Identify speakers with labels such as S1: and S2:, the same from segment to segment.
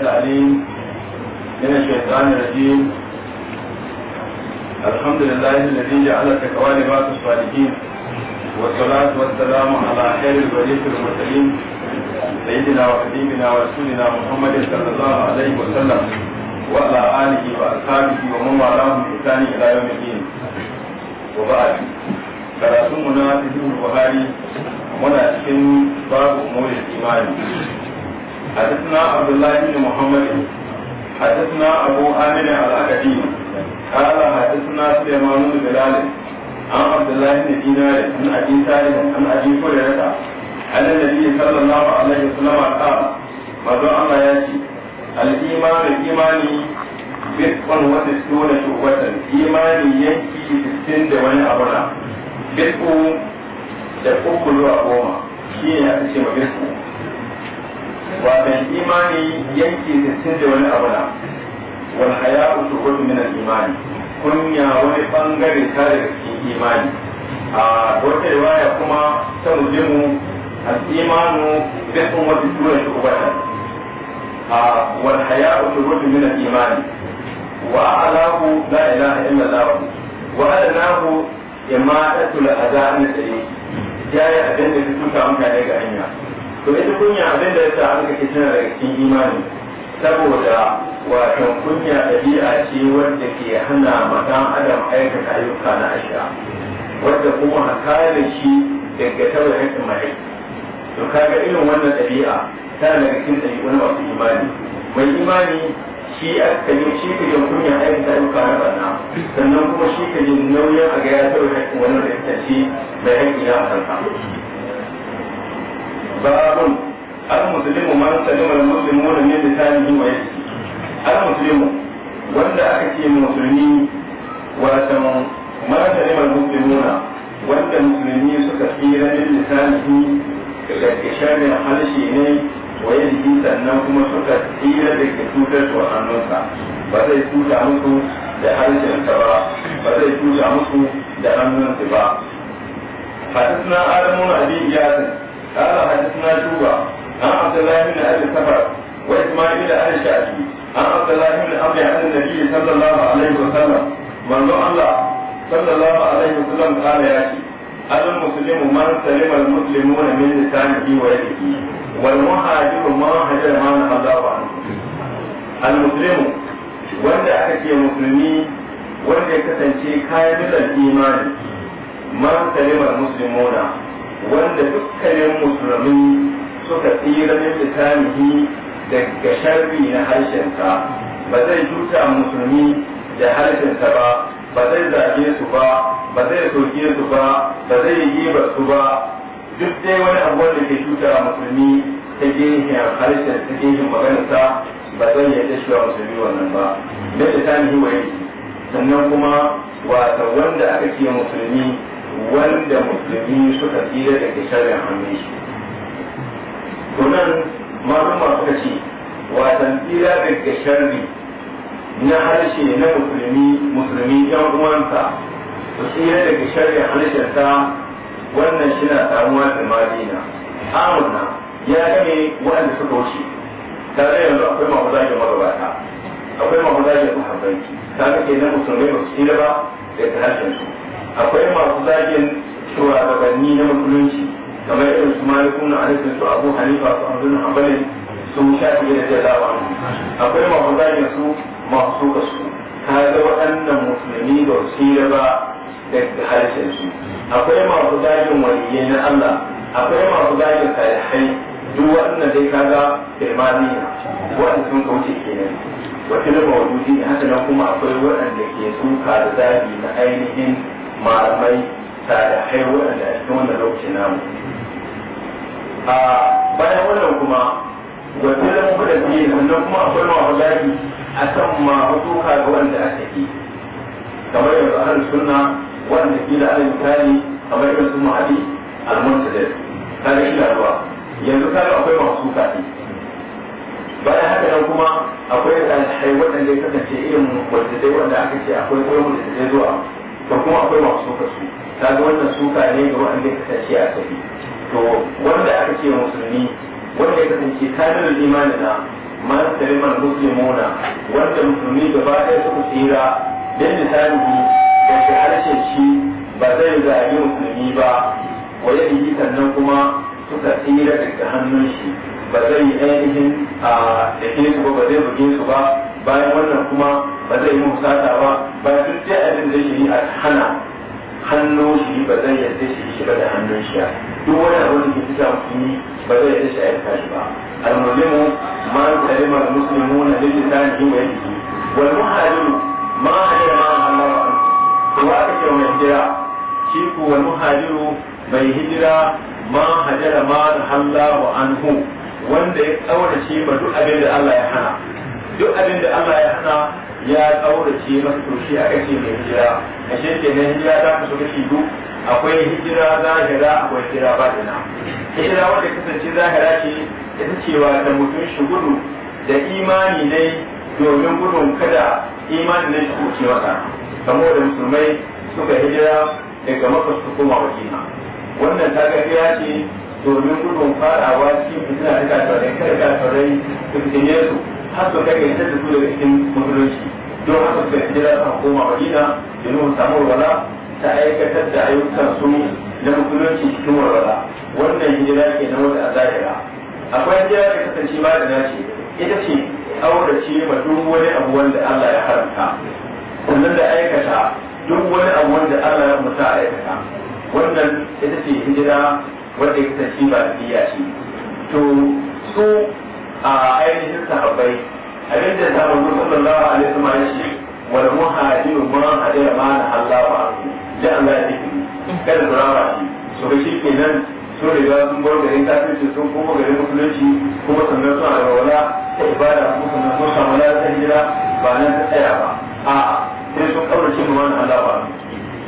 S1: العليم من الشيطان الرجيم الحمد لله الذي جعل تقوال بات الصالحين والصلاة والسلام على خير الوليد المرسلين سيدنا وحبيبنا ورسولنا محمد صلى الله عليه وسلم وعلى آله وأصحابه ومن والاهم بإحسان إلى يوم الدين وبعد karatun mu na cikin Buhari muna cikin babu umurul imani حدثنا عبد الله بن محمد حدثنا أبو آمن الأكدي قال حدثنا سليمان بن بلال عن عبد الله بن دينار عن أبي سالم عن أبي هريرة أن النبي صلى الله عليه وسلم قال ماذا أما يأتي الإيمان الإيماني bid'un wa sittuna shu'batan imani yanki 60 da wani abu na bid'u da uku zuwa goma shi ne aka ce ma bid'u watan imani yanki sittin da wani abu na wal haya'u shuhudu min al imani kunya wani bangare ta daga cikin imani a wata riwaya kuma ta muslimu al imanu bisun wata tura shubata a wal haya'u shuhudu min imani wa alahu la ilaha illa allah wa alahu imatatul adha an tariqi yayi abin da suka mutane ga hanya to ita kunya abin da yasa aka ke tana daga cikin imani saboda wato kunya ɗabi'a ce wadda ke hana matan adam aikata ayyuka na asha wadda kuma haka da shi daga tabar haƙƙin mai to kaga irin wannan ɗabi'a tana daga cikin ɗabi'un masu imani mai imani shi aka yi shi ka jin kunya aikata ayyuka na barna sannan kuma shi ka jin nauyin a ga ya tabar wannan da ita ce mai haƙƙi na a kanka babun al-muslimu man salima al-muslimuna min lisanihi wa yadihi al-muslimu wanda aka ce musulmi watan man salima al-muslimuna wanda musulmi suka tsira min lisanihi daga sharin halshe ne wa yadihi sannan kuma suka tsira daga cutar ba zai tuta musu da harshen ba ba zai tuta musu da hannunsa ba قال حدثنا شوبة عن عبد الله بن أبي سفر وإسماعيل أهل الشافعي عن عبد الله بن أبي عن النبي صلى الله عليه وسلم من الله صلى الله عليه وسلم قال يا شيخ المسلم من سلم المسلمون من لسانه ويده والمهاجر ما هجر ما نهضاه عنه المسلم wanda aka ce musulmi wanda ya kasance kayan imani man salimar muslimuna wanda dukkanin musulmi suka tsira min lisanihi daga sharri na ta ba zai juta musulmi da ta ba ba zai zage su ba ba zai soke su ba ba zai yi ba su ba duk dai wani abu wanda ke juta musulmi ta gehen harshen ta gehen maganarsa ba zai yi ta shiwa musulmi wannan ba min lisanihi wa sannan kuma wata wanda aka ce musulmi wanda musulmi suka tsira daga sharrin hannun su kunan maluma suka ce watan tsira daga sharri na harshe na musulmi musulmi yan uwansa su tsira daga sharrin harshensa wannan shi na samuwa da madina amurna ya gane waɗanda suka wuce tare yanzu akwai masu zagin magabata akwai masu zagin muhabbanci kaga kenan musulmai ba su tsira ba da ta harshen su akwai masu zagin shugabanni na musulunci kamar irin su malikun na alifin su abu halifa su abdul hanbalin su shafi da jalawa akwai masu zagin su masu ga su ta ga waɗannan musulmi ba su yi ba daga harshen su akwai masu zagin waliyai na Allah akwai masu zagin salihai duk waɗannan dai ka kaga firmaniya waɗanda sun kauce kenan wata da ne haka nan kuma akwai waɗanda ke suka da zagi na ainihin malamai salihai waɗanda a cikin wannan lokacin namu a bayan wannan kuma wanda da mu da biye sannan kuma akwai mawalaki a san ma hukuka ga wanda aka yi kamar yanzu ahal sunna wanda ke da alal misali kamar yanzu mahadi al-muntadir kaga ila ruwa yanzu kaga akwai masu kafi bayan haka nan kuma akwai da alhai waɗanda ya kasance irin wanda dai wanda aka ce akwai kuma wanda zai zuwa da kuma akwai masu suka su ga wannan suka ne ga wanda ya kasance a tafi to wanda aka ce musulmi wanda ya kasance kamilul imani na man salimar muslimuna wanda musulmi gaba ɗaya suka tsira dan lisanihi da shi harshen shi ba zai zagi musulmi ba wa yadda sannan kuma suka tsira daga hannun shi ba zai yi ainihin a yake su ba ba zai buge su ba bayan wannan kuma ba zai yi musata ba ba duk dai abin da yi a hana hannun shi ba zai yarda shi shi ba da hannun shi duk wani abu da ke fita musulmi ba zai yarda shi a yarda shi ba al-muslimu ma salima al-muslimu na lillahi wa yadihi wal muhajiru ma hayya ma Allah wa wa ake mai hijira shi ko wal muhajiru mai hijira ma hajara ma Allah wa anhu wanda ya kaurace ma duk abin da Allah ya hana duk abin da Allah ya hana ya kaurace masa to shi aka ce mai hijira a shi ke nan hijira ta kasu kashi duk akwai hijira zahira akwai hijira batina hijira wanda kasance zahira ce ita cewa da mutum shi gudu da imani ne domin gudun kada imani ne shi kuce masa kamar da musulmai suka hijira daga makka kuma wajina wannan ta gafiya ce domin gudun farawa ci suna da kasarai kada kasarai su fitine su har su kai gaisa da su daga cikin musulunci don haka suka jira kan koma madina domin samun wala ta aikatar da ayyukan su na musulunci cikin warwala wannan hijira ke na wata zahira akwai hijira da kasance ma da nace ita ce aurace ma duk wani abu wanda Allah ya haramta sannan da aikata duk wani abu wanda Allah ya musa aikata wannan ita ce hijira wanda ya kasance ba da biya shi, to su a ainihin sahabbai abin da ta rubu sallallahu alaihi wasallam shi wal muhajiru ma hajara ma na Allah wa da Allah ya tafi kada su rawa shi so shi kenan sun riga sun bar garin kafirci sun kuma garin musulunci kuma sannan suna da wala ta ibada kuma sannan sun samu la ta hijira ba nan ta tsaya ba a sai sun kaurace ma na Allah wa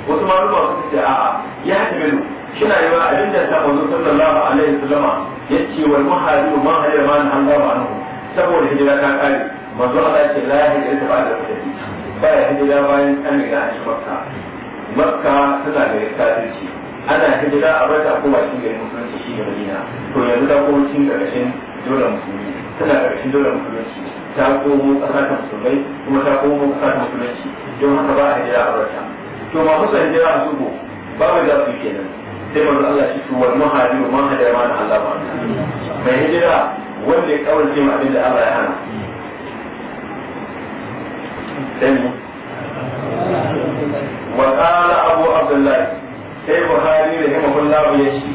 S1: wasu malama suka ce a'a ya tafi shina yi wa abin da ta mazu sallallahu alaihi wasallama ya ce wal muhajiru man hajira man hanzawa anhu saboda hijira ta kare manzo Allah ce la hijira ta ba'da fitati ba ya hijira bayan an yi gashi makka makka tana da ci ana hijira a bata ko ba shi ga musulunci shi ne madina to yanzu da shi ga karkashin dole musulmi tana karkashin dole musulunci ta komo kasa ta musulmai kuma ta komo kasa ta musulunci don haka ba a hijira a bata to ma musa hijira a zubo ba mai da su ke kenan sai manzo Allah shi to wal muhajiru man hada ma da Allah mai hijira wanda ya kawarce ma abin da Allah ya hana sai wa qala abu abdullah sai buhari rahimahullah ya ce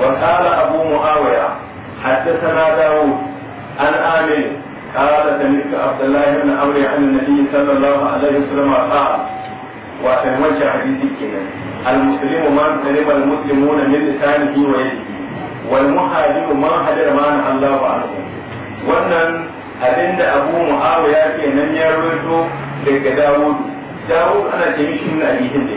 S1: wa qala abu muawiya حدثنا داود عن عامر قال سمعت عبد الله بن عمرو عن النبي صلى الله عليه وسلم قال وكان وجه حديثي كده المسلم من سلم المسلمون من لسانه ويده والمهاجر من هجر ما نهى الله عنه wannan abinda abu ya ke nan ya rawaito daga dawud dawud ana ce mishi na abihin ne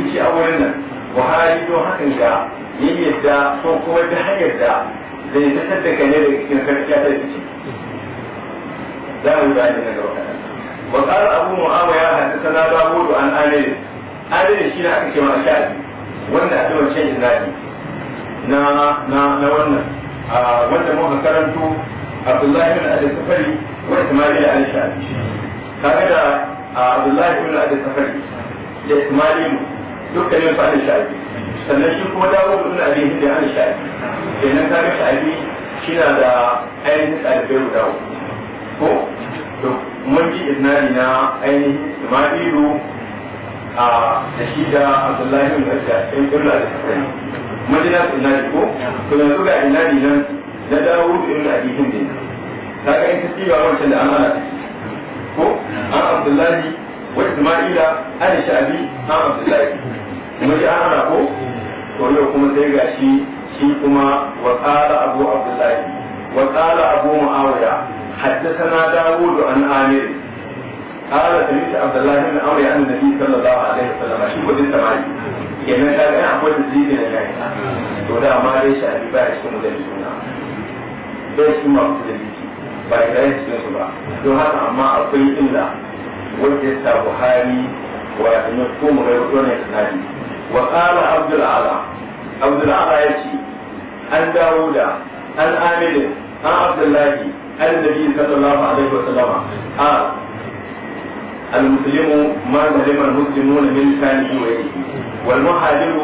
S1: kici a wurin nan buhari don hakan ga yayin ko kuma ta hanyar da zai nasar da kane da cikin karkiya ta ciki za daga yi bayani na gaba وقال أبو معاوية حدثنا داود عن أنس adalin shi na aka ce ma shafi wanda a tsawon shan izadi na na na wannan wanda muka karanto Abdullahi bin Abi Safari wa Ismail al Shafi kaga da Abdullahi bin Abi Safari da Ismail dukkanin su al Shafi sannan shi kuma dawo bin Abi Hind al Shafi kenan kaga shi na da ainihin ɗalibai guda ko to mun ji isnadi na ainihin Ismailu a da shi da abdullahi bin raja sai kulla da sai madina ina ko to yanzu ga ina nan da dawo ibn abi hindi kaga in kaci ba wancan da amana ko an abdullahi wa isma'ila Aisha shabi an abdullahi kuma ji ana ko to yau kuma sai ga shi shi kuma wa qala abu abdullahi wa qala abu muawiya حدثنا داود عن عامر قال سمعت عبد الله بن عمرو عن النبي صلى الله عليه وسلم شو كنت سمعت kenan ka ga akwai tasiri na kai to da ma dai shi abi ba shi mu da suna bai shi ma su da biki ba ya yi cikin su ba don haka amma akwai illa wanda ya sa Buhari wa ya ne ko mu ga wannan isnadi wa qala Abdul Ala Abdul yace an dawo da an amilin an a المسلم ما سلم المسلمون من لسانه ويده والمهاجر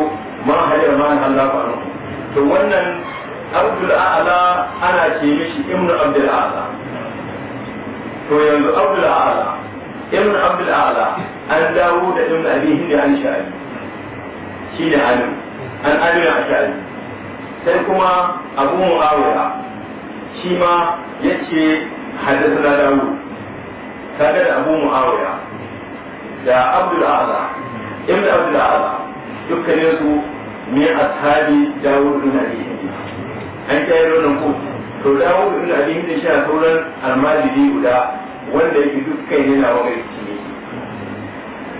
S1: ما هاجر ما نهى الله عنه to wannan abdul a'la ana ce mishi ibnu a a'la to yanzu abdul a'la ibnu abdul a'la an dawo da ibnu abi hindi an sha'ani shi da ali an ali an sha'ani sai kuma abu muawiya shi ma yace na dawo. kaga da abu muawiya da abdul a'la ibn abdul a'la dukkanin su ne ashabi dawud ibn abi an kai ronan ku to dawud ibn abi ne shi a sauran almajiri guda wanda yake dukkan yana wa mai ciki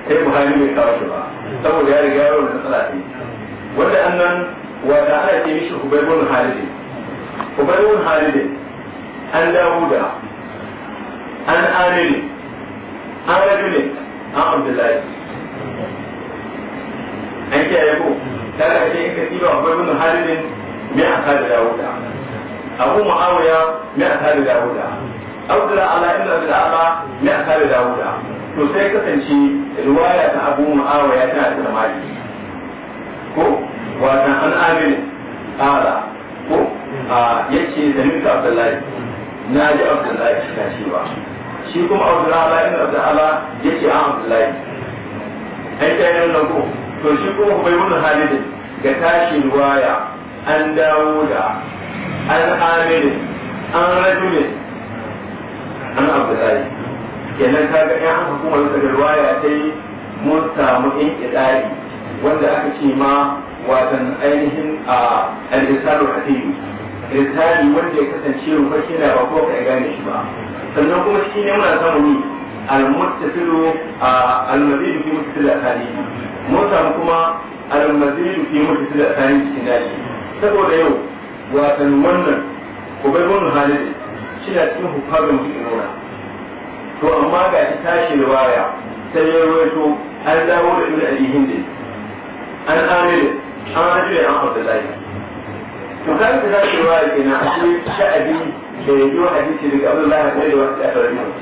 S1: sai buhari bai kawo shi ba saboda ya riga yawon matsala ne wanda annan wata ana ce mishi hubaibun halidin hubaibun halidin an da. an amini an ne an abdullahi an kiyaye ko ta ga ce in ka tiba akwai wani halin mai a kada dawuda abu mu'awiya mai a kada dawuda da ala inda da ala mai a kada dawuda to sai kasance ruwaya ta abu mu'awiya tana da samari ko wata an amini ala ko yace da nuka abdullahi na ji abdullahi na cewa shi kuma ala ina da ala ya ce an ah, abdullahi ai ta yi nan ko to shi kuma bai wannan halin ga tashi ruwaya an dawo da an aminin an rajulin an abdullahi kenan ka ga 'yan hukuma da riwaya sai mun samu in idari wanda aka ce ma watan ainihin a al-risalu hadisi risali wanda ya kasance shi na ba ko ka gane shi ba sannan kuma cikin ne muna samun yi almuttasilu almazidu fi a asali mun samu kuma almazidu fi a tsari cikin daji saboda yau wasan wannan kubai wannan halin shi na cikin hukumar mutum nuna to amma ga shi tashi ta sai ya rawaito an dawo da ibn abi hindi an amir an rajul an abdullahi to kan da riwaya kenan a cikin sha'abi ke wa hadisi daga Abdullahi da Rewa da Abdullahi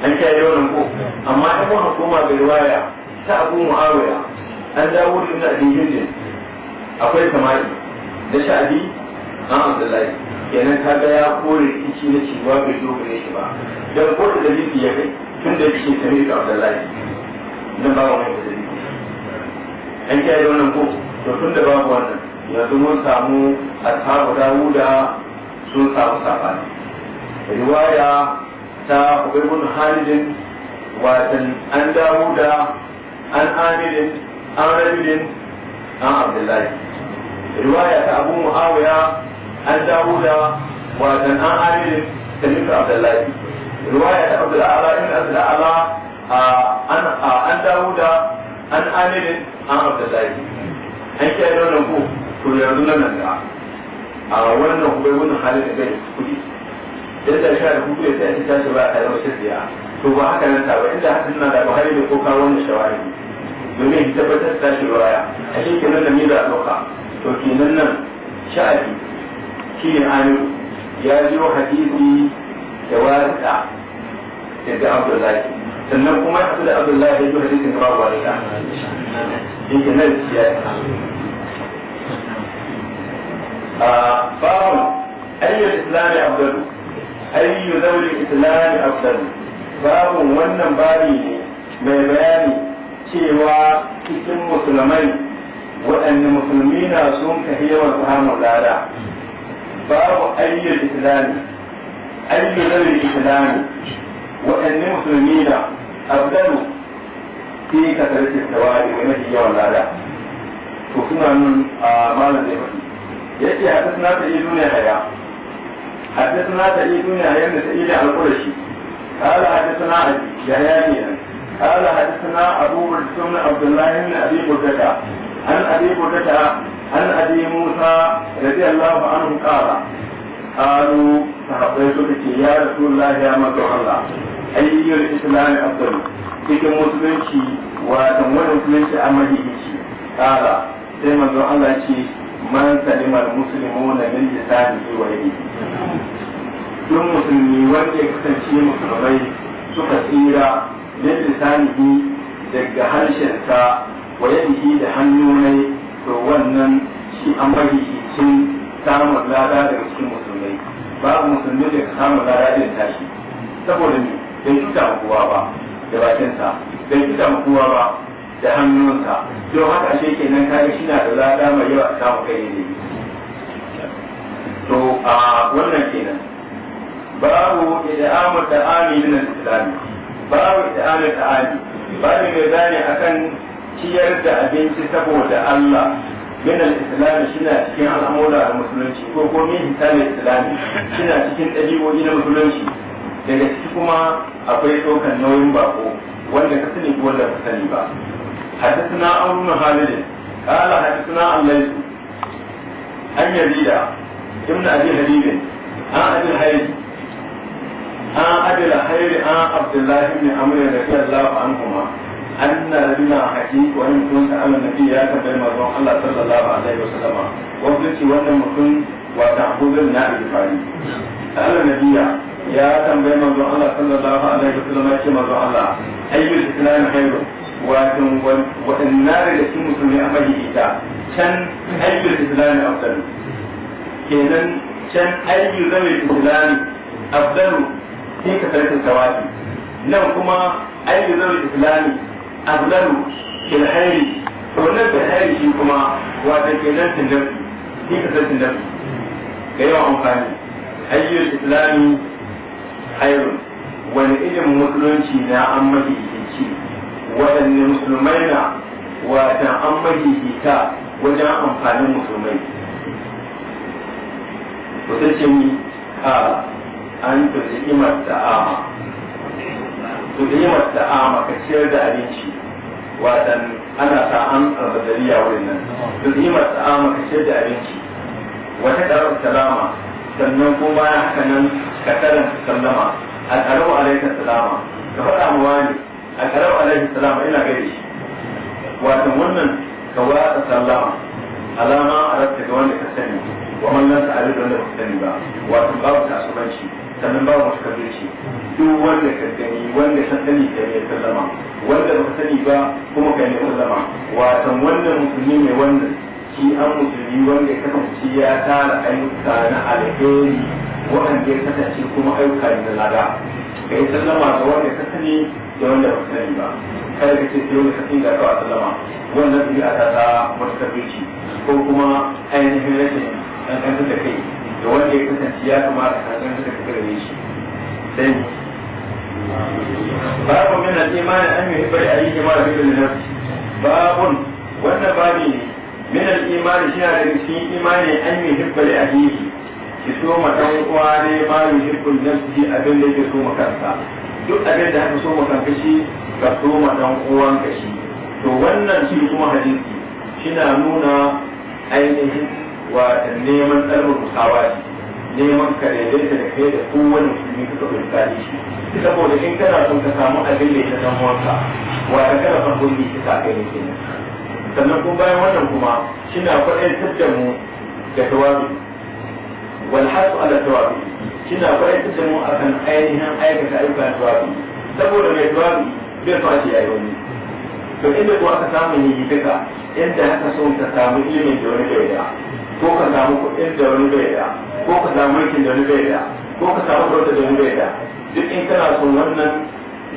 S1: an ta yi wannan ko amma in mun hukuma ga riwaya ta Abu Muawiya an dawo da na Hindin akwai samari da sha'abi an Abdullahi kenan ka ga ya kore kici na cewa bai zo gare shi ba dan ko da dalili ya kai tun da ta sami da Abdullahi dan ba wani dalili an ta yi wannan ko to tun da babu wannan yanzu mun samu ashabu Dawuda sun samu sabani riwaya ta ubaybun halidin watan an dawo da an amirin an rabilin an abdullahi riwaya ta abu muawiya an dawo da watan an amirin da nufi abdullahi riwaya ta abdul ala ibn abdul ala an dawo da an amirin an abdullahi an kiyaye nan ko to yanzu nan da a wannan kuma wani halin da bai kuɗi idan da sha da kuɗi da ake tashi ba a kalmar siya to ba haka nan ta ba inda hakan na da buhari da koka wannan shawari domin ya tabbatar da tashi baya a shi kenan da mila ɗauka to kenan nan nan sha'abi shi ne amiru ya jiyo hadisi da wasa daga abdullahi sannan kuma ya haɗu da abdullahi ya jiyo hadisin da babu wani ta ke kenan da shi ya yi باب أي الإسلام أفضل أي ذوي الإسلام أفضل باب ونن بابي mai bayani cewa cikin musulmai waɗanne musulmi na sun ka yawan samun lada babu ayyar islami ayyar zaurin islami waɗanne musulmi na abdalu fi kasar tattawari mai mafi yawan to suna nun a malam zai yake hadisna ta idu ne haya hadisna ta idu ne haya da sa'id al-qurashi قال حدثنا يحيى قال حدثنا ابو بكر بن عبد الله بن ابي قتاده عن ابي قتاده عن ابي موسى رضي الله عنه قال قالوا صحابيتك يا رسول الله يا مكر الله اي الاسلام افضل cikin musulunci wa tamwar musulunci a mahimmanci kala sai manzon Allah ce man salimar musulmi na min lisanihi wa yadihi duk musulmi wanda ya kasance musulmai suka tsira min lisanihi daga harshensa wa yadihi da hannunai to wannan shi an bari cin samun lada daga cikin musulmai babu musulmi da ka samun lada irin tashi saboda ne bai fita kowa ba da bakinsa bai fita kowa ba da hannunsa don haka shi ke nan yi shi na da lada mai yawa a samu kai ne to a wannan kenan babu ida'amar da ami min al-islami babu ida'amar da ami babu mai zane akan ciyar da abinci saboda Allah min al shi shina cikin al'amura da musulunci ko ko min hisalin shi shina cikin ɗabi'o'i na musulunci daga ciki kuma akwai tsokan nauyin bako wanda ka sani ko wanda ka sani ba حدثنا عمرو بن خالد قال حدثنا عن ليث عن يزيد ابن ابي حبيب عن ابي الحيث عن ابي الحير عن عبد الله بن عمرو رضي الله عنهما أن رجلا حكيم وإن كنت على النبي يا تبعي مرضون الله صلى الله عليه وسلم وقلت وأن مكن وتعبد النار الفاري على النبي يا تبعي مرضون الله صلى الله عليه وسلم يا مرضون الله أي الإسلام خير wato waɗanna da sun musulmi an bari ita can ayyul islami afdalu kenan can ayyul zama islami afdalu sai ka sarkin sawaki nan kuma ayyul zama islami afdalu kil hayri to nan da hayri shi kuma wato kenan tindar sai ka sarkin da ga yawan amfani ayyul islami hayrun wani ilimin musulunci na an ita ce. waɗanne musulmai na watan an mahihita wajen amfanin musulmai kusa ce a an tuzimar ta'ama tuzimar ta'ama ka ciyar da abinci watan ana sa an albadariya wurin nan tuzimar ta'ama ka ciyar da abinci wata ƙarar salama sannan kuma haka nan ka karanta sallama a ƙarar alaikar salama ka faɗa mu wani a karau alaihi salama ina gaida shi wato wannan ka wata sallama alama a rasta ga wanda ka sani wa mallan ta alif wanda ka sani ba wato babu ta tasubanci sannan babu wata kabirci duk wanda ka gani wanda ka sani ka yi sallama wanda ba ka sani ba kuma ka yi sallama wato wannan musulmi mai wannan shi an musulmi wanda ya kasance ya tara ayyuka na alheri waɗanda ya kasance kuma ayyuka na lada ka yi sallama ga wanda ka sani da wanda ba sani ba kada ka ce sai wanda ka sani da kawai sallama wannan su yi a tata matakabirci ko kuma ainihin rashin ɗanɗanta da kai da wanda ya kasance ya kamata ka ɗanɗanta da kai gare shi sai babu min al-imani an yi li ayyihi ma yuhibbu li nafsi babun wannan babi ne min al-imani shi na daga cikin imani an yuhibba li ayyihi ki ma dan uwa ne ba yi shirkul nafsi abin da yake so ma kansa duk abin da aka so ma kanka shi ka so ma dan uwan ka shi to wannan shi kuma hadisi shina nuna ainihin wa neman tsarmar musawa neman ka daidaita da kai da kowane musulmi kuka kafa misali shi saboda in kana son ka samu abin da ya san wanka wata kana son gurbi ka sa kai ne kenan sannan kuma bayan wannan kuma shina kwaɗayin tattar mu da tawazu wal hasu ala tawabi kina kwai da mu akan ainihin aikata ayyukan tawabi saboda mai tawabi bai fashi yayi wani to inda ko aka samu yi duka inda haka son ka samu ilimin da wani bai da ko ka samu kuɗin da wani bai da ko ka samu mulkin da wani bai da ko ka samu kyauta da wani bai da duk in kana son wannan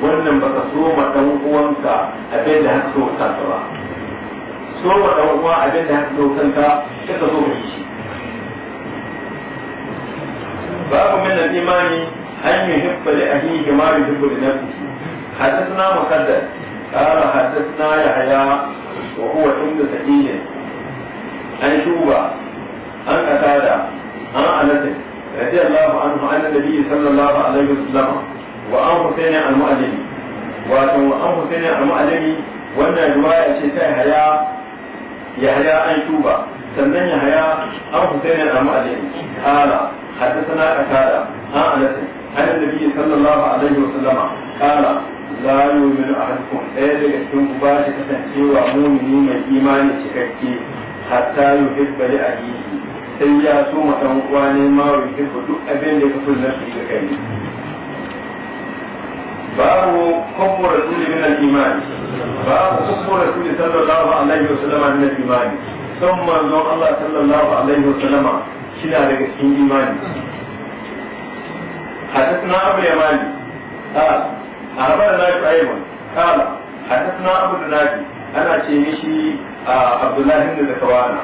S1: wannan baka so ma dan uwanka haka so so ma haka so kanka kika so babu min al-imani an yuhibba li ahlihi ma حدثنا مقدر قال حدثنا يحيى وهو ابن سعيد عن شوبة عن قتادة عن أنس رضي الله عنه عن النبي صلى الله عليه وسلم وعن حسين المؤلم wato an husaini al-mu'allimi wannan riwaya ce ta haya ya haya an tuba sannan ya an حدثنا قتادة عن أنس عن النبي صلى الله عليه وسلم قال لا يؤمن أحدكم ɗaya daga cikin ku ba shi kasancewa mumini mai imani cikakke hatta yuhibba sai ya so ma dan uwa ne yake yuhibbu duk abin da ya kafa nasu da kai babu kubbu rasul min al-iman babu kubbu rasul sallallahu alaihi wasallam min al-iman ثم الله صلى الله عليه وسلم shida daga cikin imani حدثنا أبو اليمان قال أخبرنا شعيب قال حدثنا أبو الناجي أنا شيمشي عبد الله بن ذكوانا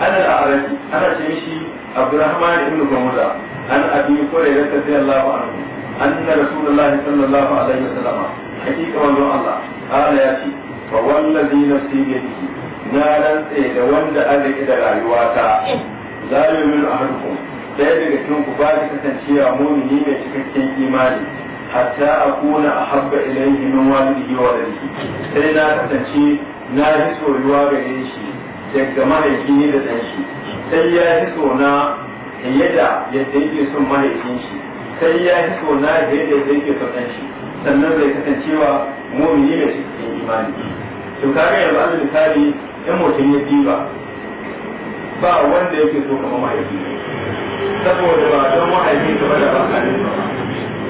S1: أنا الأعرج أنا شيمشي عبد الرحمن بن مرمرة عن أبي هريرة رضي الله عنه أن رسول الله صلى الله عليه وسلم حقيقة والله الله قال يا شيخ فوالذي نفسي بيده نارا سيدا وند أذك إلى رأيواتا zalim min ahadukum daya daga cikin ku ba shi kasancewa mu'mini mai cikakken imani hatta akuna ahabba ilayhi min walidihi wa waladihi sai na kasance na ji soyuwa gare shi daga ne da dan shi sai ya ji sona yadda yadda yake son mahaifin shi sai ya ji sona yadda yadda yake son dan shi sannan bai kasancewa mu'mini mai cikakken imani to kaga yanzu an misali in mutum ya diba ba wanda yake so kama mahaifi saboda ba don mahaifi ba da ba kanin ba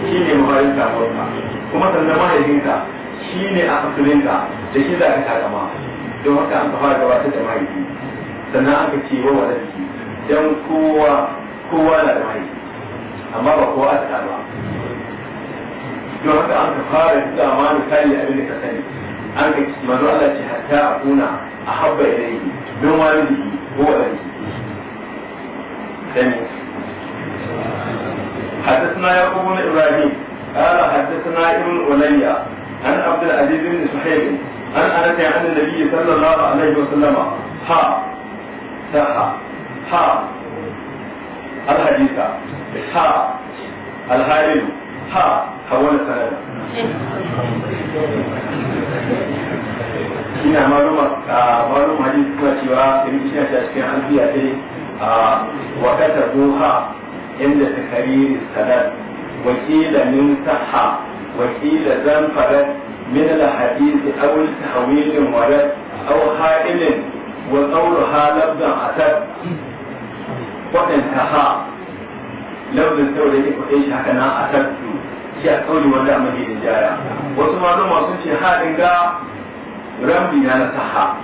S1: shi ne mahaifinka farka kuma sannan ta shi ne a ta da shi za ka kama don haka an fara ta da mahaifi sannan aka ce wa wadansu don kowa kowa na da mahaifi amma ba kowa a ta ba don haka an ka fara da amana abin da ka sani an ka manzo Allah ce hatta a kuna أحب إليه من والده هو أبيه حدثنا يعقوب بن إبراهيم قال حدثنا ابن علي عن عبد العزيز بن صهيب عن أنس عن النبي صلى الله عليه وسلم ها ها ها الحديث ها الهائل ها ina maluma malum ah, hadisi suna cewa irin suna ta cikin alfiya sai a ah, wakata duha inda ta kariri salat wakila min saha wakila zan farat من shi a kauli wanda a mafi jaya wasu malama sun ce haɗin ga rambi na na saha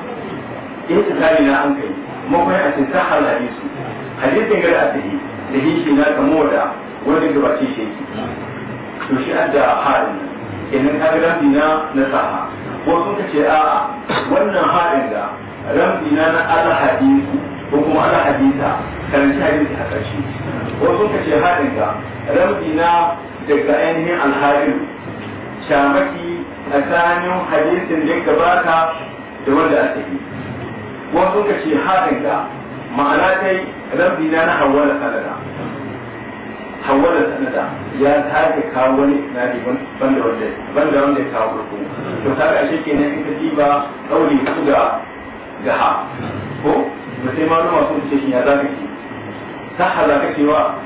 S1: yake tsari na an kai mafi a ce saha na hadisu hadisin gari a sahi sahi shi na kamo da wanda gabace shi to shi adda haɗin kenan ka ga rambi na na saha wasu ka ce a wannan haɗin ga rambi na na ala hadisu ko kuma ala hadisa karanci hadisi a ƙarshe wasu ka ce haɗin ga rambi na daga ainihin alhalin shamaki tsanin hadisin da gabata da wanda a tafi wasu ka ce haɗin ka ma'ana ta yi rabbi na na hawala sanada hawala sanada ya sake kawo wani isnadi banda wanda banda wanda ya kawo farko to ta ga shi ne in ka ba ɗauri su ga ga ha ko mutai ma nuna sun ce shi ya zafi ci ta ha ci cewa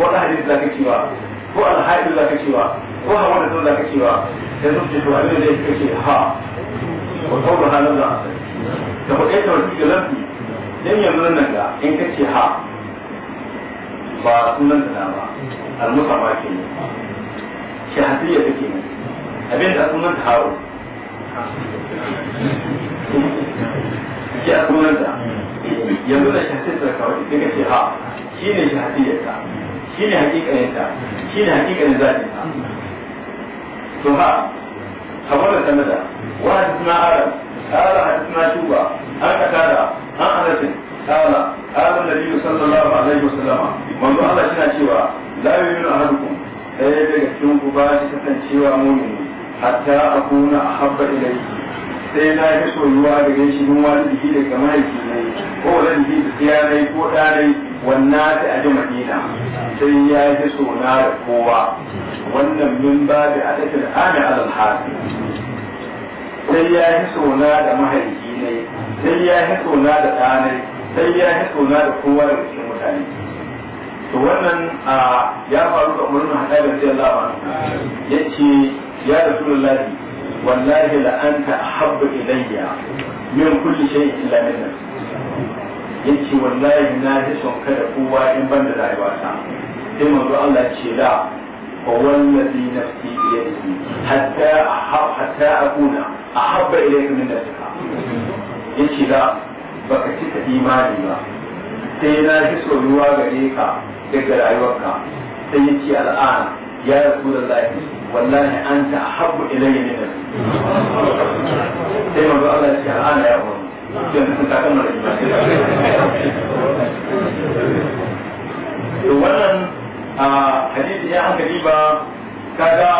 S1: ko da hadisi ci cewa ko alhaɗu za ka cewa ko hawa da zuwa ka cewa da zuci to abin da ya ce ha ko ta kawo halin da da ku ɗaya tawar cikin lafi don yanzu nan ga in ka ha ba sunan da ba almusa ma ke ne shahadiyya take ne abin da sunan ta hawo ya sunan da yanzu da shahadiyya ta kawai sai ka ce shi shine shahadiyyar ta shi ne ta shi ne hakikalin zaɓin ta to ha kamar da sanada wa hadisna arab qala hadisna shuba an katara an anasin qala qala nabiyyu sallallahu alaihi wasallam manzo Allah shi na cewa la yu'minu ahadukum ɗaya eh, daga cikin ku ba shi kasancewa mu'mini hatta akuna ahabba ilayhi sai na yi soyuwa da gaishe mun wani jiki da kamar yake ne ko wani jiki da tsiyarai ko ɗarai wannan ta aji madina sai ya yi so na da kowa wannan min ba da adadin ana alal hasi sai ya yi so na da mahaifi ne sai ya yi so na da ɗanai sai ya yi so na da kowa da cikin mutane to wannan ya faru da murnin hadari sai Allah ya ce ya rasulullahi wallahi la anta ahabbu ilayya min kulli shay'in illa minna yace wallahi na ji son kada kowa in ban da rayuwa ta sai manzo Allah ya ce da fa wallazi nafsi bi yadihi hatta ahab hatta akuna ahabba ilayka min nafsika yace da baka cika imani ba sai na ji soyuwa gare ka daga rayuwarka sai yace al'ana ya rasulullahi wallahi an ta habu ilayya ne sai manzo Allah ya ce ana ya wannan a hadisi ya hankali ba kaga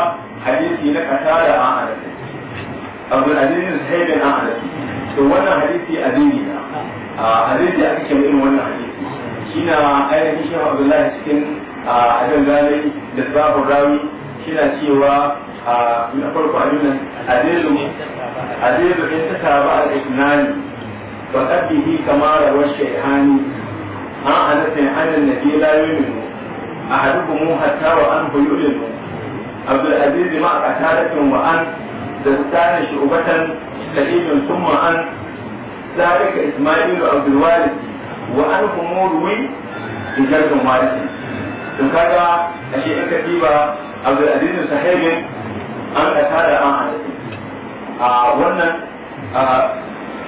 S1: hadisi na kasara a hadisi abu hadisi sai da na to wannan hadisi addini na hadisi a cikin irin wannan hadisi na ainihin shehu Abdullahi cikin a adan gani da sabon rami shina cewa a na farko adilu adilu in ta saba al-iknani wa qaddihi kama rawar shayhani an anasin anan nabi hatta wa an abdul aziz ma wa an da an abdul aziz sahabin an kasa da an hadasi a wannan a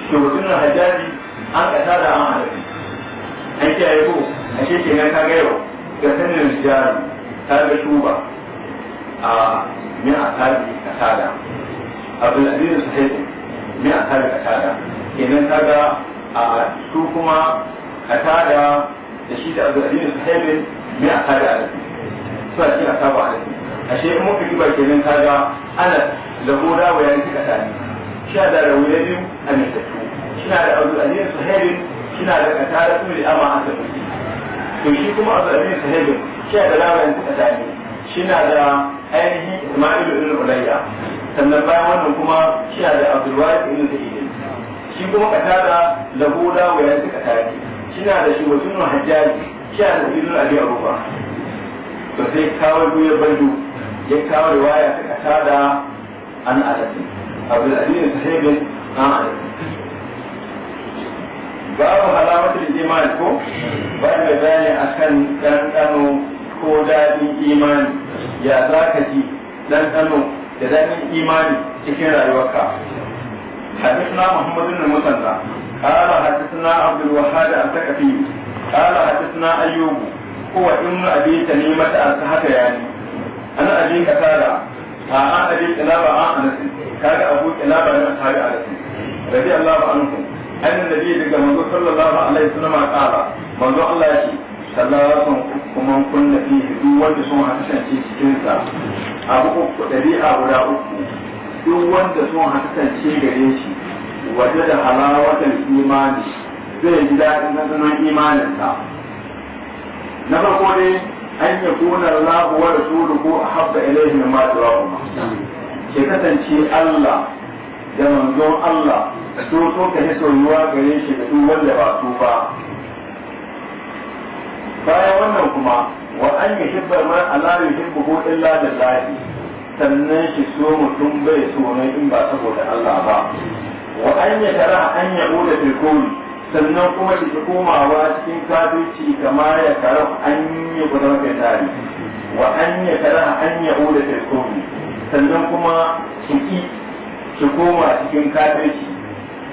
S1: shugabin hajjaji an kasa da an hadasi an kiyaye ko a shi kenan ka ga yau ga sanin rijali ta ga shuba a min asabi kasada da aziz sahabin min asabi kasada kenan ka ga a su kuma kasada da shi da abdul a sahabin min asabi alabi suna cikin asaba alabi ashe in muka kiba kenan kaga ana da hura wa yayin suka tani sha da rawiya biyu a mitattu shina da abu aliyu suhaibin shina da katara kuma da ama aka tafi to shi kuma abu aliyu suhaibin sha da rawiya suka tani shina da ainihin ismailu ibn ulayya sannan bayan wannan kuma shina da abdulwahid ibn sa'id shi kuma katara da hura wa yayin suka tani shina da shi wajen hajjaji shina da ibn abi abubakar to sai kawo duyar bandu ya kawo riwaya ta kasa da an adadin abu da ne ta hebin an babu halamatul imani ko bayan da bayani akan ɗanɗano ko daɗin imani ya za ka ji ɗanɗano da daɗin imani cikin rayuwarka حدثنا محمد بن المثنى قال حدثنا عبد الوهاب الثقفي قال حدثنا ايوب هو ابن ابي تميمه الثقفي يعني ana abi katada a an abi kilaba an anas kaga abu kilaba na tabi anas radiyallahu anhu annan nabi daga manzo sallallahu alaihi wasallam qala manzo Allah yake sallallahu kuma kun nabi duk wanda sun hasance cikin sa abu uku dabi'a guda uku duk wanda sun hasance gare shi waje da halawatar imani zai ji daɗin imanin imaninsa na farko dai an yakuna Allah wa rasuluhu ahabba ilayhi mimma tuwahuma ke kasance Allah da manzon Allah so so ka yi soyuwa gare shi da duk wanda ba su ba bayan wannan kuma wa an yi shibbar man ala yi shibbu ko illa da lahi sannan shi so mutum bai so in ba saboda Allah ba wa an yi tara an yi da tilkoli sannan kuma shi ita komawa cikin kafirci kama ya karo an yi gudan kai tari wa an ya karahu an ya oda ta komi sannan kuma su ki su koma cikin kafirci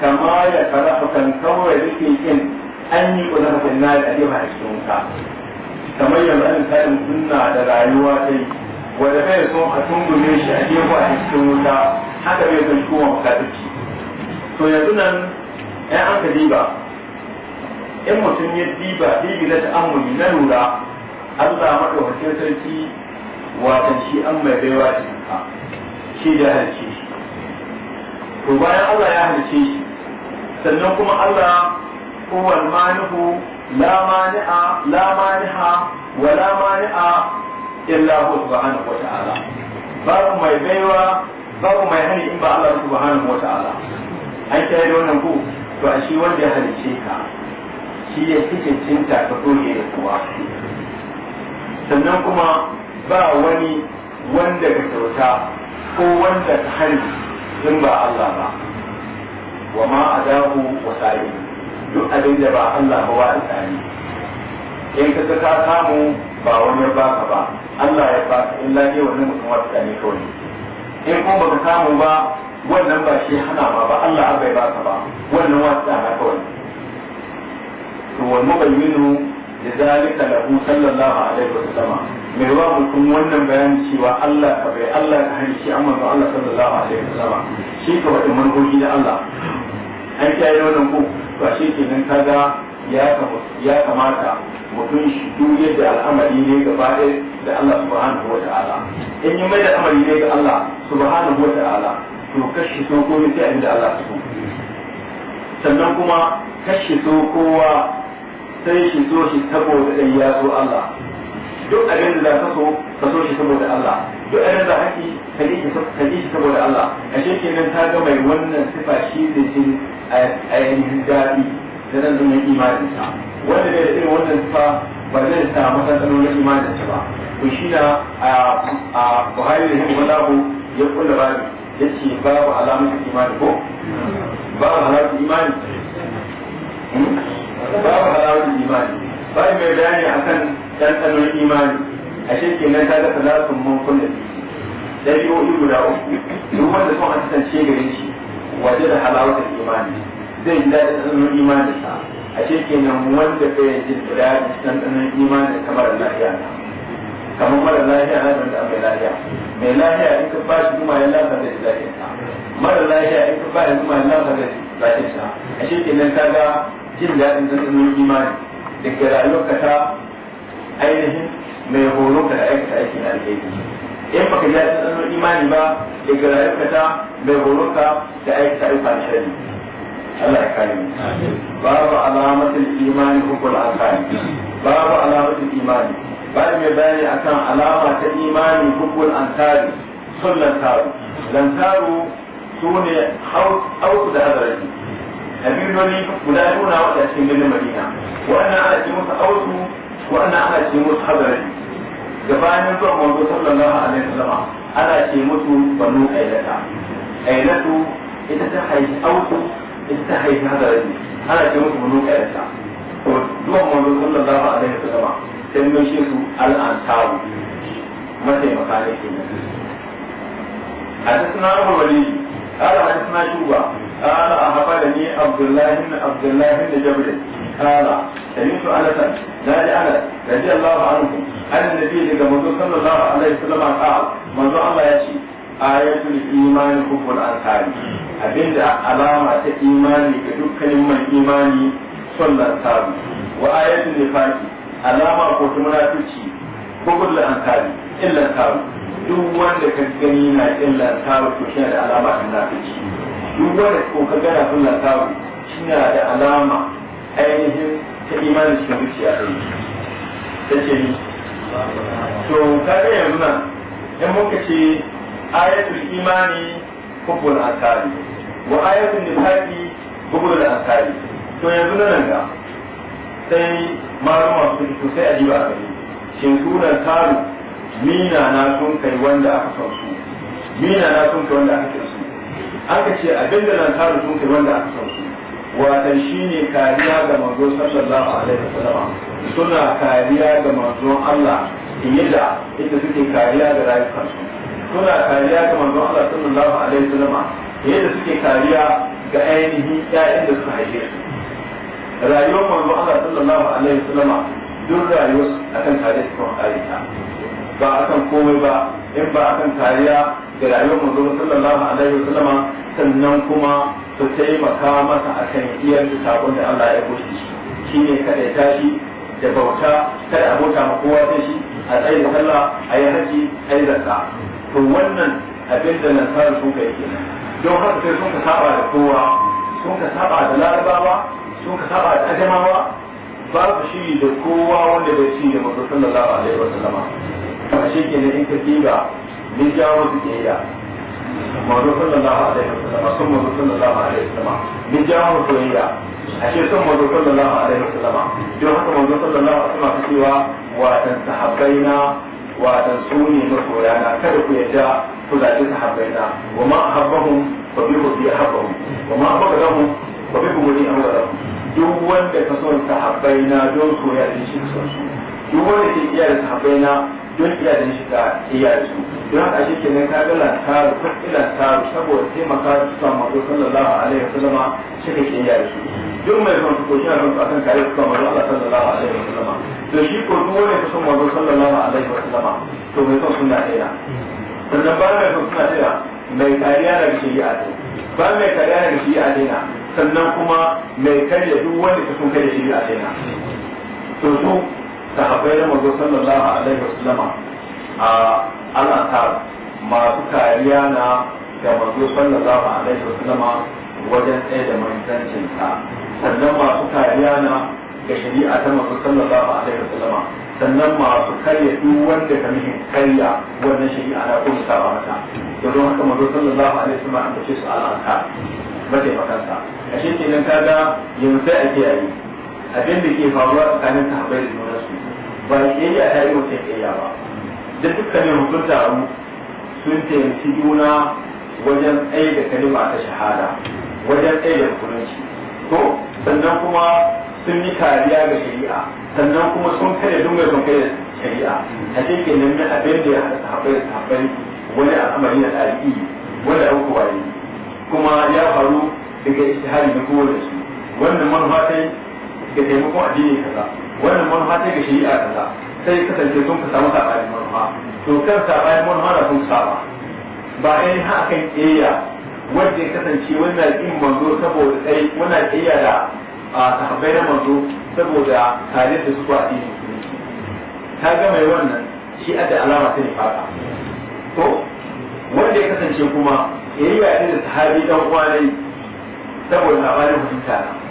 S1: kama ya karahu kan kawai rike kin an yi gudan kai tari a yau a cikin wuta kamar yanzu an kaɗin sunna da rayuwa ta yi wanda kai sun a tungume shi a gefe a cikin wuta haka bai son shi koma kafirci to yanzu nan ya an ka diba in mutum ya diba dibi na ta'ammuli na lura Allah madaukakin sarki watan shi an mai baiwa ce shi da halice shi to bayan Allah ya halice shi sannan kuma Allah huwa manihu la mani'a la maniha wa la mani'a illa huwa subhanahu wa babu mai baiwa babu mai hani in ba Allah subhanahu wa ta'ala an kai da wannan ku to a shi wanda ya halice ka shi ya fi cincinta ka doge da kuwa sannan kuma ba wani wanda ka kyauta ko wanda ka hari in ba Allah ba wa ma dahu wa sa'i duk abin da ba Allah ba wa tsari in ka ka samu ba wani ba ka ba Allah ya baka illa lafiya wannan mutum wata ne kawai in kuma ka samu ba wannan ba shi hana ba ba Allah bai ka ba wannan wata na kawai والمبين لذلك له صلى الله عليه وسلم mai ruwa mutum wannan bayan cewa Allah ka bai Allah ka hari shi amma الله Allah وسلم شيء wasallam shi هو جيد الله da Allah an kiyaye wannan ku كذا kaga ya kamata mutum shi duniya da al'amari ne ga gaba da Allah subhanahu wa ta'ala in yi mai da al'amari ne ga Allah subhanahu wa ta'ala to kashi so ko sai abin da Allah su sannan kuma kashi so kowa sai shi zo shi saboda ɗan ya so Allah duk abin da ka so ka so shi saboda Allah duk abin da haƙi ka ji shi saboda Allah a shekin nan ta ga mai wannan sifa shi ne shi a yayin daɗi da nan zuwa imanin sa wanda da irin wannan sifa ba zai sa matsalolin na imanin sa ba to shi na a Buhari da Himma Lahu ya kulla bani ya ce babu alamar imanin ko
S2: ba
S1: babu alamar imanin. Hmm? babu halawar imani bai mai bayani akan dandanon imani a shekin nan ta ga salatun mun kullum dabi'o'i guda uku duk wanda sun an kasance gare shi waje da halawar imani zai ji daɗin dandanon imani sa a shekin nan wanda bai ji daɗin dandanon imani kamar lafiya na kamar mara lafiya na da mai lafiya mai lafiya in ka bashi kuma ya lafa da lafiyarsa mara lafiya in ka bashi kuma ya lafa da lafiyarsa a shekin shi ta kaga jin daɗin tsananin imani da ke rayuwarka ta ainihin mai horo ka da aikata aikin alheri in baka ji daɗin tsananin imani ba da ke rayuwarka ta mai horo ka da aikata aikin shari Allah ya kare babu alamatul imani hukul akali babu alamatul imani babu mai bayani akan alama ta imani hukul antari sun lantaru lantaru su ne hausu da hadarari kabiloli guda nuna wata cikin birnin madina wannan ana ce musu ausu wannan ana ce musu hazarari gabanin zuwa manzo sallallahu alaihi wasallam ana ce musu banu ailata ailatu ita ta haifi ausu ita ta haifi hazarari ana ce musu banu ailata to zuwa manzo sallallahu alaihi wasallam sai mun shi su al'antaru mataimaka ne kenan حدثنا أبو الوليد قال حدثنا شوبة قال أخبرني عبد الله بن عبد الله بن جبر قال سمعت أنس لا لأنس رضي الله عنه أن النبي صلى الله عليه وسلم قال منذ الله يشي ayatul imani kufur ansari abinda alama ta imani ga dukkanin mai imani son lansabi wa ayatul nifaki alama ko ta munafici kufur lansari in lansabi duk wanda ka gani na to da alama ta duk wanda ko ka gana sunna tawo shina da alama ainihin ta imanin cikin zuciya ta yi ta ce ni to ka ga yanzu nan in muka ce ayatul imani hubbul akali wa ayatul nifaqi hubbul akali to yanzu nan ga sai maruwa sun to sai a ji ba a shin sunan taru mina na sun kai wanda aka san su mina na sun kai wanda aka san su aka ce abinda nan tarin sun wanda aka san su shi ne kariya ga manzo sallallahu alaihi wasallam suna kariya ga manzo Allah da ita suke kariya ga rayukansu suna kariya ga manzo Allah sallallahu alaihi wasallam yadda suke kariya ga ainihin ƴaƴan da suka haife su rayuwar manzo Allah sallallahu alaihi wasallam duk rayuwar akan kariya su kuma kariya ba akan komai ba in ba akan kariya da rayuwar manzo sallallahu alaihi wasallama sannan kuma su taimaka masa a kan akan iyar sabon da Allah ya kushe shi ne kada tashi da bauta kada abota ma kowa sai shi a tsaye da sallah a yi haji a yi zakka to wannan abin da nasarar sun kai kenan don haka sai sun ka saba da kowa sun ka saba da larabawa sun ka saba da ajamawa babu shi da kowa wanda bai ci da manzo sallallahu alaihi wasallama kamar shi kenan in ka diba ya jawo biyayya manzo sallallahu alaihi wasallam sun manzo sallallahu alaihi wasallam ya jawo soyayya ashe sun manzo sallallahu alaihi wasallam don haka manzo sallallahu alaihi wasallam cewa wa tan sahabbaina wa tan sunni masoyana kada ku yadda ku zaci sahabbaina wa ma ahabbahum fa bi hubbi ahabbahum wa ma a abghadahum ba bi hubbi abghadahum duk wanda ka son sahabbaina don soyayya shi son su duk wanda ke iya da sahabbai na don iya da shiga ka iya da su don haka shi ke nan ka ga lantaru ko lantaru saboda taimaka su kan mazo sallallahu alaihi wa sallama shi ka iya da su duk mai son ko shi na son akan kare su kan mazo Allah sallallahu alaihi wa sallama to shi ko duk wanda ka son mazo sallallahu alaihi wa sallama to mai son suna ɗaya sannan ba mai son suna ɗaya mai kariya da daga a ne ba mai kariya daga shari'a a na sannan kuma mai karya duk wani ka son shi shari'a ne na to su sahabbai na manzo sallallahu alaihi wasallama a al'ansar masu kariya na ga manzo sallallahu alaihi wasallama wajen ɗaya da manzancinsa sannan masu kariya na ga shari'a ta manzo sallallahu alaihi wasallama sannan masu karya duk wanda ka mihin karya wannan shari'a na kuma saba mata Yanzu haka manzo sallallahu alaihi wasallama an bace su al'ansar mataimakansa a shi kenan kaga yanzu sai a kiyaye abin da ke faruwa tsakanin sahabbai da juna su ba shi ya ta yi wata kiyaya ba da dukkanin hukun taru sun taimaki juna wajen tsaye da kalima ta shahada wajen tsaye da hukunci to sannan kuma sun yi kariya ga shari'a sannan kuma sun kare dunga sun kai da shari'a a cikin nan na abin da ya haɗa sahabbai da sahabbai wani al'amari na tsariki da an kuwa kuma ya faru daga ishtihari na kowane su wannan manufa Ka taimakon addini kaza wannan manufa ta ga shari'a kaza sai kasance sun ka samu sabanin manufa to kan sabanin manufa da sun saba ba ha hakan ƙeya wanda ya kasance wannan ƙin manzo saboda ɗai wannan ƙeya da a sahabbai na manzo saboda tare da su ko addini ta ga mai wannan shi a da alama ta nifaka to wanda ya kasance kuma yi ne da sahabi dan kwanai saboda labarin mutunta na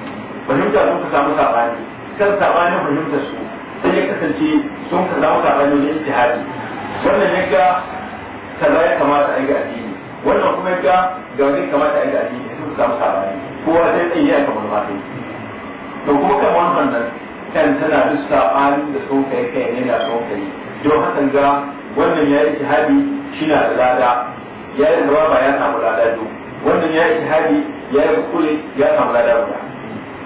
S1: fahimta sun ka samu sabani kan sabanin fahimta su sai ya kasance sun ka samu sabani na ijtihadi wannan ya ga kaza ya kamata a yi ga addini wannan kuma ya ga ga wani kamata a yi ga addini sun ka samu sabani kowa sai tsaye ya kamar ba sai to kuma kan wannan nan kan tana duk sabani da sun kai kai ne da sun kai don hakan ga wannan ya yi ijtihadi shi na da lada ya yi ba ya samu lada do wannan ya yi ijtihadi ya yi kule ya samu lada guda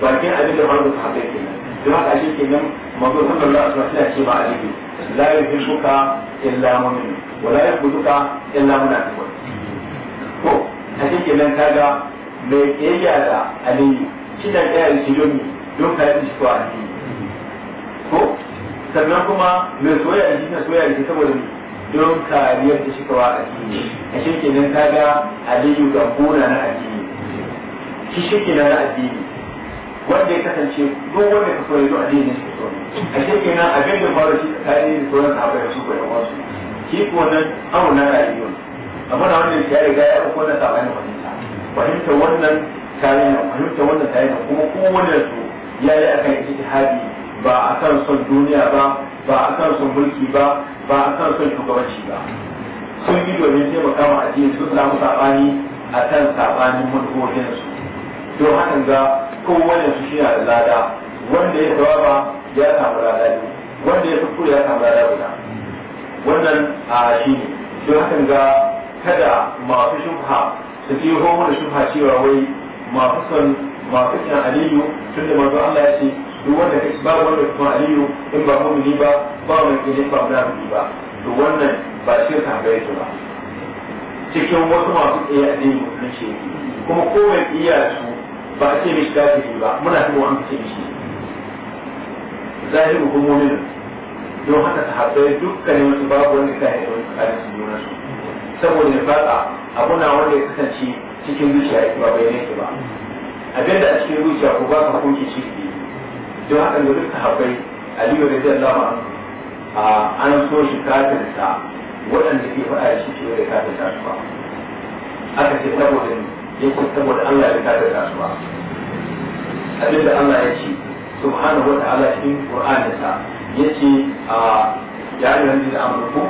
S1: bakin abin da babu sahabbai kenan don haka shi kenan manzo sallallahu alaihi wasallam ce ma alibi la yuhibbuka illa mu'min wa la yuhibbuka illa munafiqun ko a shi nan kaga mai kiyaya da aliyu shi da kiyaya shi don don kai shi ko aliyu ko sannan kuma mai soya a shi na soya da shi saboda don kariyar da shi kawa a addini a shi nan kaga aliyu ga gona na addini shi shi kenan na addini wanda ya kasance duk wanda ka koyi zuwa addinin su so a shi kenan abin da fara shi yi da sauran da su koyi wasu shi ko nan abu na rayuwa amma na wannan shi ya riga ya ko da sabanin fahimta fahimta wannan tare na fahimta wannan tare na kuma kowanne su ya yi akan ijtihadi ba a kan son duniya ba ba kan son mulki ba ba a kan son shugabanci ba sun yi domin taimaka a addini sun samu sabani akan sabanin su don hakan ga kowane wannan shi da lada wanda ya tawaba ya samu lada biyu wanda ya fito ya samu lada guda wannan a shi ne don hakan ga kada masu shubha su ji homo da shubha cewa wai masu son masu kiran aliyu tun da manzo Allah ya ce duk wanda kai ba wanda kuma aliyu in ba mu'mini ba ba ke ne ba na ba duk wannan ba shi ka ga yake ba cikin wasu masu iya ne ce kuma kowai iya su ba a ce mishi kafiri ba muna tuno an ce mishi zahiru ko mu'min don haka ta haɗa dukkanin wasu babu wanda ka yi wani tsakanin su juna su saboda ya faɗa abuna wanda ya kasance cikin zuciya ya ba bai ne ba abinda a cikin zuciya ko ba ka hukunci shi don haka da duka haɓɓai aliyu radiyallahu a an so shi sa waɗanda ke faɗa shi ce da sa su ba aka ce saboda ya kuma saboda Allah ya kada kasuwa abin da Allah ya ce subhanahu wa ta'ala cikin qur'anin sa yace a ya ayyuhan ladina amanu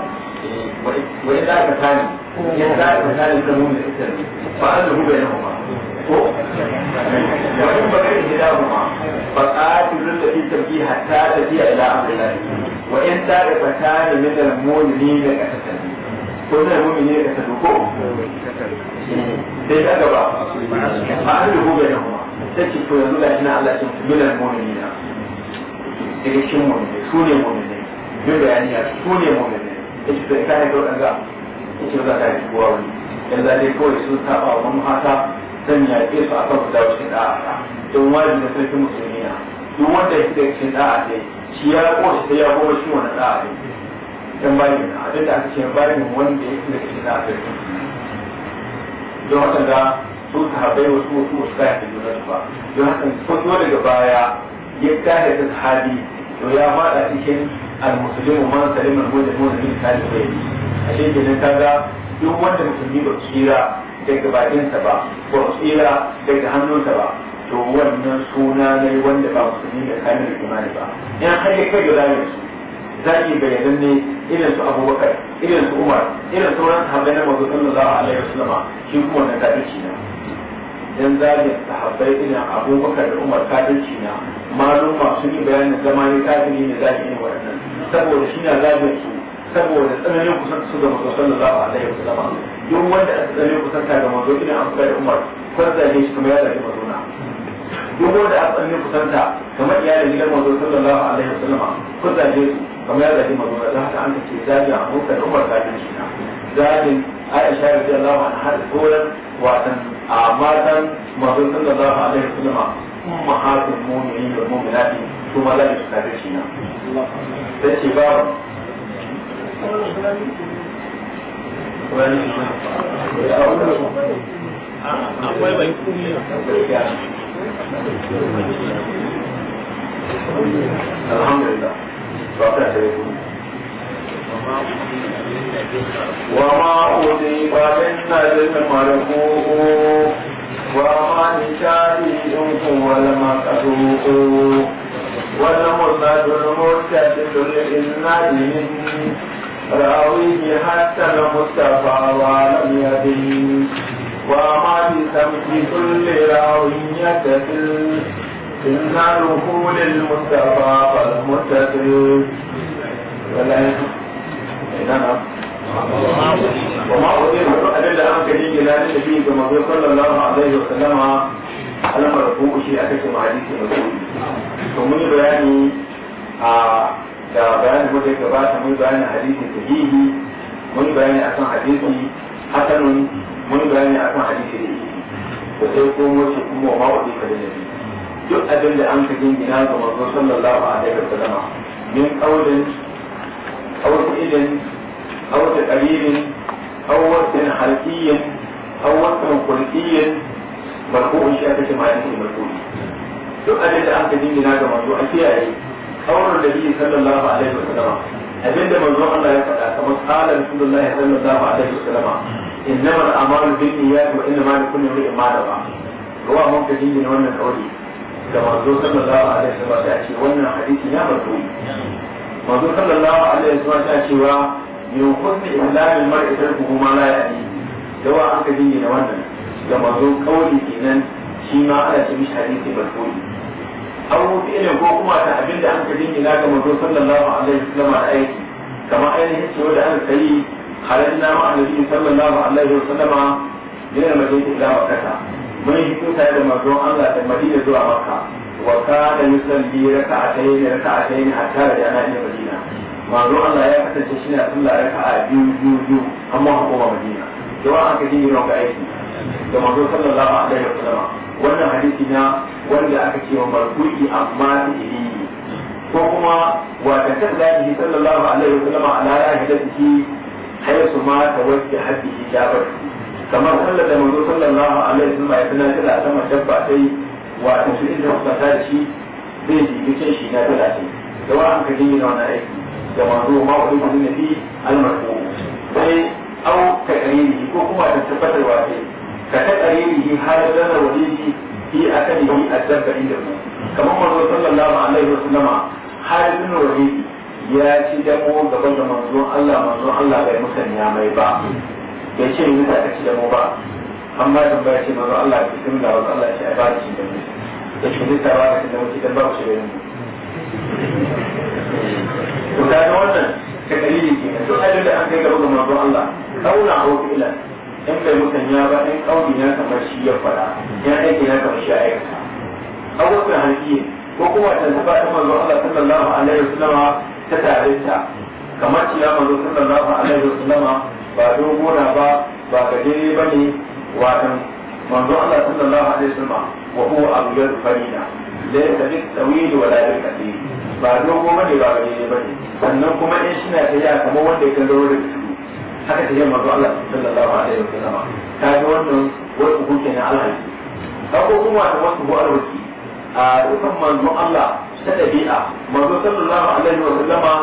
S1: wa idza ka tani ya za ka tani da mun da ita fa annahu bainahuma ko wa in bagai hidahuma fa qatilul lati tabi hatta tabi ila amrillah wa in ta'rifatan min al-mu'minina ka ko zai mumi ne ka tafi ko sai ka gaba ba a da gobe da kuma ta ce to yanzu gashi na Allah cin milan mumi na daga cikin mumi ne su ne mumi ne bin bayani ya su ne mumi ne ta ce sai ka yi kawai ga ta ce za ka yi kowa wani yanzu dai kawai sun taɓa wa mahata zan yaƙe su a kan guda cikin da'a ta don wajibi na sarki musulmi na duk wanda ya fi da cikin da'a ta shi ya ƙoshi sai ya ƙoshi wani da'a ta yan bayi na a da ake ce bayi wanda ya fi da shi na afirka don haka da su ta haɓe wasu wasu wasu kayan da juna su ba don haka fito daga baya ya kare da hali to ya fada cikin al-musulmi man salim al-mu'min min yi a shi kenan kaga duk wanda musulmi ba tsira daga bakinsa ba ko tsira daga hannunsa ba to wannan suna ne wanda ba musulmi da kamar imani ba in har ya kai da zalunci zaki bayanan ne irin su abubakar irin su umar irin sauran sahabbai na mazu a alaihi wasallama shi kuma na kadirci na dan zagin sahabbai irin abubakar da umar kadirci na maluma sun yi bayanin zama ne kafiri ne zaki ne waɗannan saboda shi na zagin su saboda tsananin kusan su da mazu a alaihi wasallama duk wanda a tsananin ta ga mazu irin abubakar da umar kwanza ne shi kuma ya zagi mazuna duk wanda a tsanin kusanta kamar iyalin gidan mazo sallallahu alaihi wasallam kun zaje su kamar ya zaje mazo da haka an kace zaje a muka umar zaje shi na zaje Aisha radiyallahu anha har goran watan a matan mazo sallallahu alaihi wasallam ummahatul mu'minin wal mu'minati kuma zaje su kaje shi na sai ce ba
S2: akwai bai kuma alhamdulillah ba ta da yi وما
S1: أصيب من المرفوع وما لشافي هو المقصود والمرتد المرتد للإنه راويه حتى المصطفى ولم يدين وما بسمت كل راوية إن ركول المصطفى فالمتقي وما أضيف أدل أن كريم إلى النبي كما صلى الله عليه وسلم على مرفوع شيء أكثر مع حديث مسعود ومن بياني da bayanin wanda ya gabata mun bayanin hadisi sahihi mun bayani akan hadisi hasanun mun bayani akan hadisi ne da sai ko mace kuma ma wadi ka da nabi duk abin da an ka gina ga manzo sallallahu alaihi wa sallama min qawlin aw fi'lin aw taqririn aw wasin halqiyyin aw wasin qulqiyyin marfu'un shi aka ce ma yake marfu'i duk abin da an ka gina ga manzo a kiyaye qawlin nabi sallallahu alaihi wa sallama abinda manzo Allah ya faɗa kamar qala rasulullahi sallallahu alaihi wa sallama Inna إنما الأعمال بالنيات وإنما لكل امرئ ما نوى رواه ka من wannan kauli da manzo sallallahu alaihi wasallam ya ce wannan hadisi ya marfu manzo sallallahu alaihi wasallam ya ce wa min husni islamil mar'i tarkuhu ma la ya'ni da wa an ka dinga wannan da manzo kauli kenan shi ma ana ce mishi hadisi marfu abu ne ko kuma ta abinda ka dinga ga manzo sallallahu alaihi wasallam da aiki kamar ainihin ce wanda aka yi خرجنا مع النبي صلى الله عليه وسلم من المدينة إلى مكة من يكون سيد مجروع الله المدينة زوى مكة وكان يصلي ركعتين ركعتين حتى رجعنا إلى المدينة مجروع الله يا فتن ششنا صلى ركعة بيو بيو بيو أما هو مدينة سواء كثير من ركعتين da manzo sallallahu alaihi wa sallama wannan hadisi na wanda aka ce wa marfu'i amma ilimi ko kuma wa ta sallallahu alaihi wa sallama ala ya hada shi su ma ta wace haɗi hijabar kamar Allah da manzo sallallahu alaihi wasallam ya tana tana sama dabba sai wa ta shi inda ta ta shi zai ji kicin shi na tana shi da wa an kaji na wannan aiki da manzo ma wani mutum ne fi almarko sai au ka kariri ko kuma ta tabbatar wa sai ka ta kariri har da wani shi fi akalihi azzaba inda mu kamar manzo sallallahu alaihi wasallama har da wani shi. ya ci damo gaban da manzon Allah manzon Allah bai musa ya mai ba ya ce yanzu ta ka ci damo ba an ba tambaya ce manzon Allah ya cikin da Allah ya ce a ba ci damo ya ce duk da ba ka ci damo ci dan ba ku shirin to da wannan ta dalili ke to sai da an kai gaban da manzon Allah kauna ko ila in bai musanya ba in kauni ya kamar shi ya fara ya aiki ya kamar shi ya aikata abubuwan hankali ko kuma tantafa ta manzon Allah sallallahu alaihi wasallam ta tare ta kamar ciya manzo sallallahu alaihi wasallama ba dogo na ba ba gajere ba ne watan manzo Allah sun a alaihi wasallama wa huwa abyad farina laysa bi tawil wa la bi kathir ba dogo ba bane ba ba ne. sannan kuma in shi na tafiya kamar wanda ya gangaro da su haka ta yamma zuwa Allah sun a alaihi wa sallam ta ji wannan wani hukunci na alhaji ta ko kuma ta wasu ko alwaki a dukkan manzon Allah ta ɗabi'a manzo sallallahu alaihi wa sallama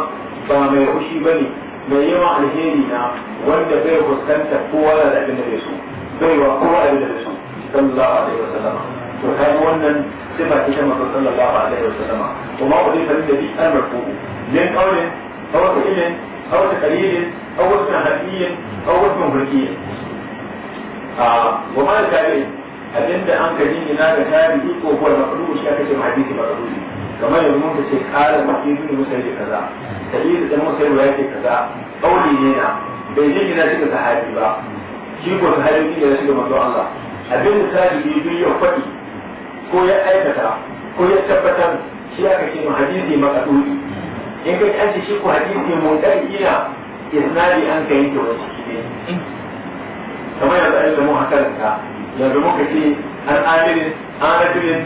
S1: ba mai hushi bane mai yawan alheri na wanda bai fuskanta kowa da abin da bai so bai wa kowa abin da bai so sallallahu alaihi wa sallama to kai wannan sifa ta manzo sallallahu alaihi wa sallama kuma wani sanin da bi an marfu min qawlin aw qawlin aw taqrilin aw wasna hadiyin aw wasna hulkiyin a wa ma da abinda an kaji ina da tarihi ko kuwa maqlubi shi aka ce hadisi maqlubi kamar yanzu mun ce kare mafi zuwa musa yake kaza da yi da musa yake yake kaza kauli ne na bai je gina shi ga sahabi ba shi ko sahabi ne ya shiga manzo Allah abin da sahabi duk ya faɗi ko ya aikata ko ya tabbatar shi aka ce mu hadisi makaduri in kai an ce shi ko hadisi mun dai ina isnadi an kai ta wani ciki ne kamar yanzu an samu hakaranta yanzu muka ce an amirin an rajulin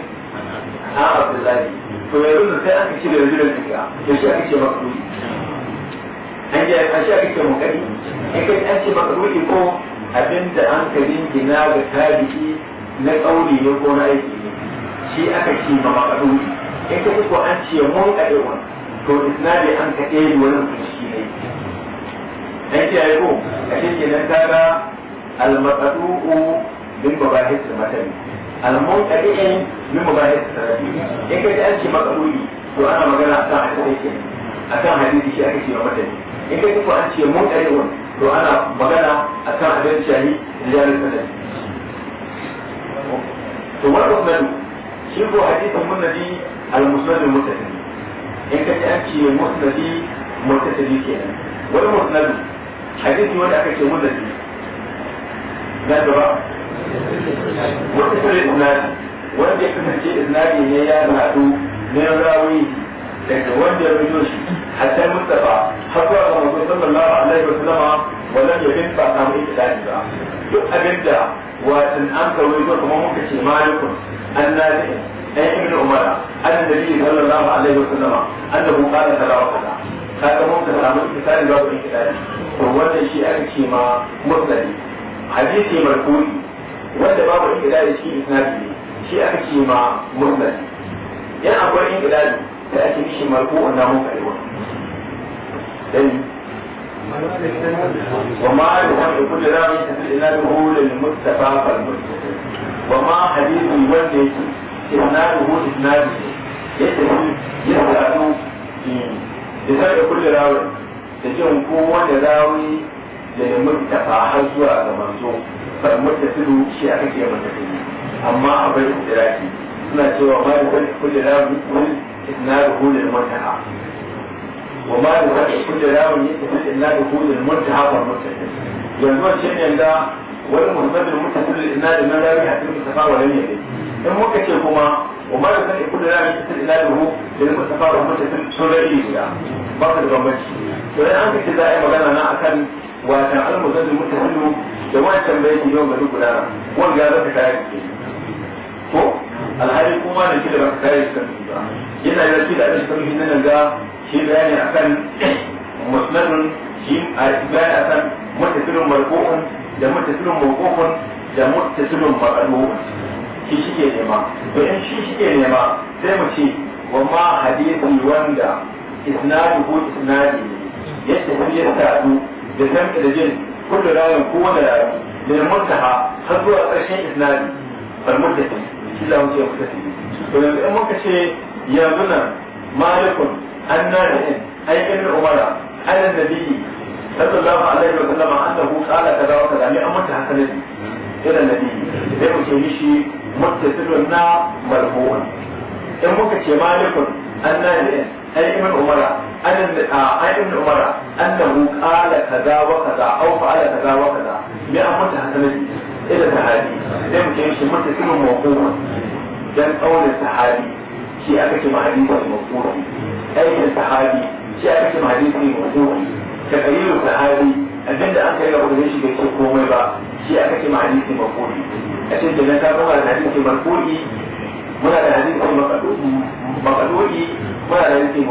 S1: an abdullahi to yanzu sai aka ce da yanzu da shiga da shi aka ce makruhi an ji an shi aka ce mukari in kai an ce makruhi ko abinda an ka jingina ga tarihi na tsauri ne ko na aiki ne shi aka ce ma makruhi in ka ko an ce mun wani to isnadi an ka ɗaya wannan su shi ne an ce ayi ko a shi ke nan kaga al-maqdu'u bil mabahis matari. al-munqadi'in min mubahir sarati in kai da an ce maqbuli to ana magana akan hadisi akan hadisi shi ake cewa madani in kai kuma an ce munqadi'un to ana magana akan abin shahi rijalul sanad to wannan nan shi ko hadisin munnadi al-musnad al-muttasil in kai an na gaba وكثر الإسناد wanda ya kasance isnadi ne ya haɗu na rawi daga wanda ya rubuto shi hatta mustafa har zuwa ga manzo sallallahu alaihi wa sallama wannan ya bin ba samu ikhlasi ba duk abinda watan an kawai ko kuma muka ce malikun annabi ay ibn umar annabi sallallahu alaihi wa sallama annahu qala salawa kaza kaga mun ka samu ikhlasi ba ko ikhlasi to wannan shi aka ce ma musnadi hadisi marfu'i wanda babu ikilali shi isnadi shi aka ce ma murnan yan akwai ikilali da ake shi marko an namu karewa dan وما يحمد كل رأي إلا الهول المتفى فالمتفى وما حديث يوجه إلا الهول النادي يسألوا في كل راوي تجون كون راوي da ya mustafa har zuwa ga manzo bar bai mutasilu shi aka ce mutasilu amma a abai idraki suna cewa ma da wani kullu rawi wani isnadu hulul muntaha wa ma da wani kullu rawi yatasil isnadu hulul muntaha wa mutasil yanzu an shin yanda wani muhammadin ina da na rawi a cikin mustafa wa ne ne in muka ce kuma wa ma da wani kullu da yatasil isnadu hulul mustafa wa mutasil sun rabi guda ba ka da bambanci to an kace za a yi magana na akan wata almuzalli mutahillu da wani tambaye ki yau gari gudana wani ya zaka kare ki ko alhali kuma da kida baka kaya ki kanki ba yana da kida da shi na ga shi bayani kan musnadun shi a bayani akan mutasilun marfu'un da mutasilun mawqufun da mutasilun maqlubun shi shi ke nema to in shi shi shike nema sai mu ce wa ma hadisi wanda isnaduhu isnadi yadda ya sadu da san da jin kullu rayin kowane rayin da ya murtaha har zuwa ƙarshen isnadi al-murtahi shi ce wuce murtahi to yanzu in muka ce yanzu nan malikun annabi'in ay ibn umara ala nabiyyi sallallahu alaihi wa sallam annahu qala kaza wa kaza ne amma ta haka ne ila nabiyyi sai mu ce shi muttasilun na marfu'un in muka ce malikun annabi'in ay ibn umara عن عن ابن عمر انه قال كذا وكذا او فعل كذا وكذا ما امرت حسنتي الى الصحابي لم يمشي متصل موقوفا dan kaunin sahabi shi aka ce mahadisi mawdu'i aikin sahabi shi aka ce mahadisi mawdu'i ka kalilu sahabi abinda aka yi rabu da shi bai ce komai ba shi aka ce mahadisi mawdu'i a ce kenan ka zama da hadisi mawdu'i muna da hadisi makadu'i muna da hadisi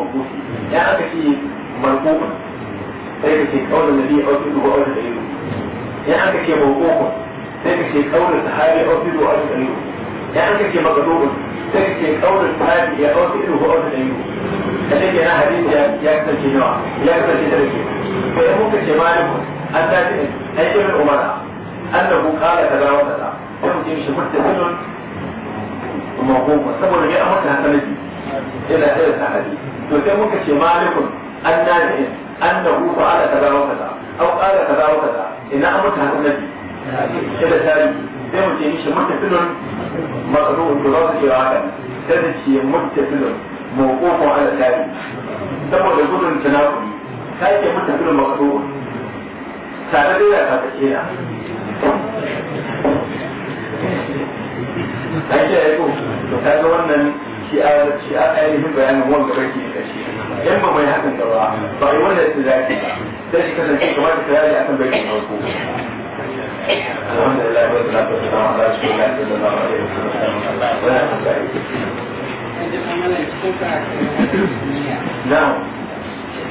S1: ya aka ce marfuku sai ka ce kaunar nabi a wasu dubu a wasu dalilu ya aka ce mawkuku sai ka ce kaunar sahabi a wasu dubu a wasu dalilu ya aka ce makadubu sai ka ce kaunar sahabi ya a wasu dubu a wasu dalilu da take na hadisi ya kasance nawa ya kasance da rake sai muka ce maliku an dace an yi min umara annahu qala kaza wa kaza sai mu ce shi muttasilun mawkuku saboda ya amsa haka nabi yana da hadisi to sai muka ce malikun an nafi'in annahu fa'ala kaza wa kaza aw qala kaza wa kaza ina amurka hadin nabi sai da sai mu ce mishi muttasilun maqdu'un to za su ce haka sai da ce muttasilun mawqufun ala tarihi saboda gudun tanakuri sai ke muttasilun maqdu'un tare da ya ta ce na ake aiko to kaga wannan shi a shi a ainihin bayanin wanda ke da shi yan ba mai hakan da ba ba yi wanda sai shi kasance kamar da tsari akan bai farko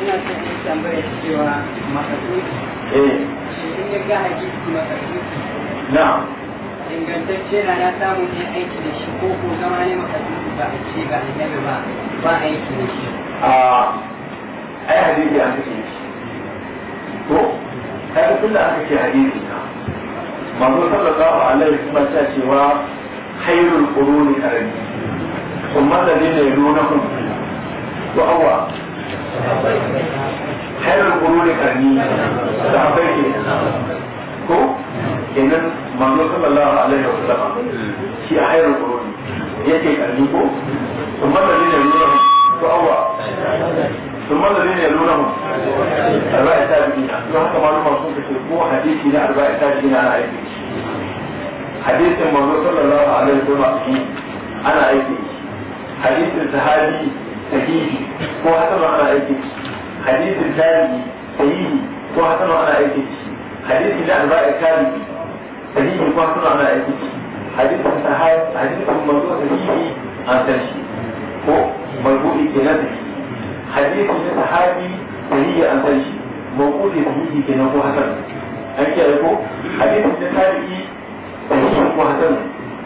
S1: ina in tambaya cewa eh shi ga ingantacce na na samu ne aiki da shi ko ko zama ne makasudu ba a ce ga annabi ba ba aiki da shi a ai hadisi an kace shi to kai kullu aka ce hadisi na manzo sallallahu alaihi wasallam ta cewa khairul quruni qarni ثم الذين يلونهم وأوى خير القرون قرني صحابي ko kenan manzo sallallahu alaihi wa sallam shi a hayar kuroni yake kalli ko kuma da ne ne ko awa kuma da ne ne lura mu arba'a tabi'ina don haka malama sun kace ko hadisi na arba'a tabi'ina na aiki hadisin manzo sallallahu alaihi wa sallam ana aiki hadisin sahabi sahihi ko hasan ana aiki hadisin tabi'i sahihi ko hasan ana aiki hadisi na arba'a tabi'ina sahihi kuma suna ana aiki shi hadisin sahaya hadisin manzo sahihi an san shi ko marbu'i kenan shi hadisin na sahabi sahihi an san shi mawqu'i sahihi kenan ko hasan an kiyaye ko hadisin na tabi'i sahihi ko hasan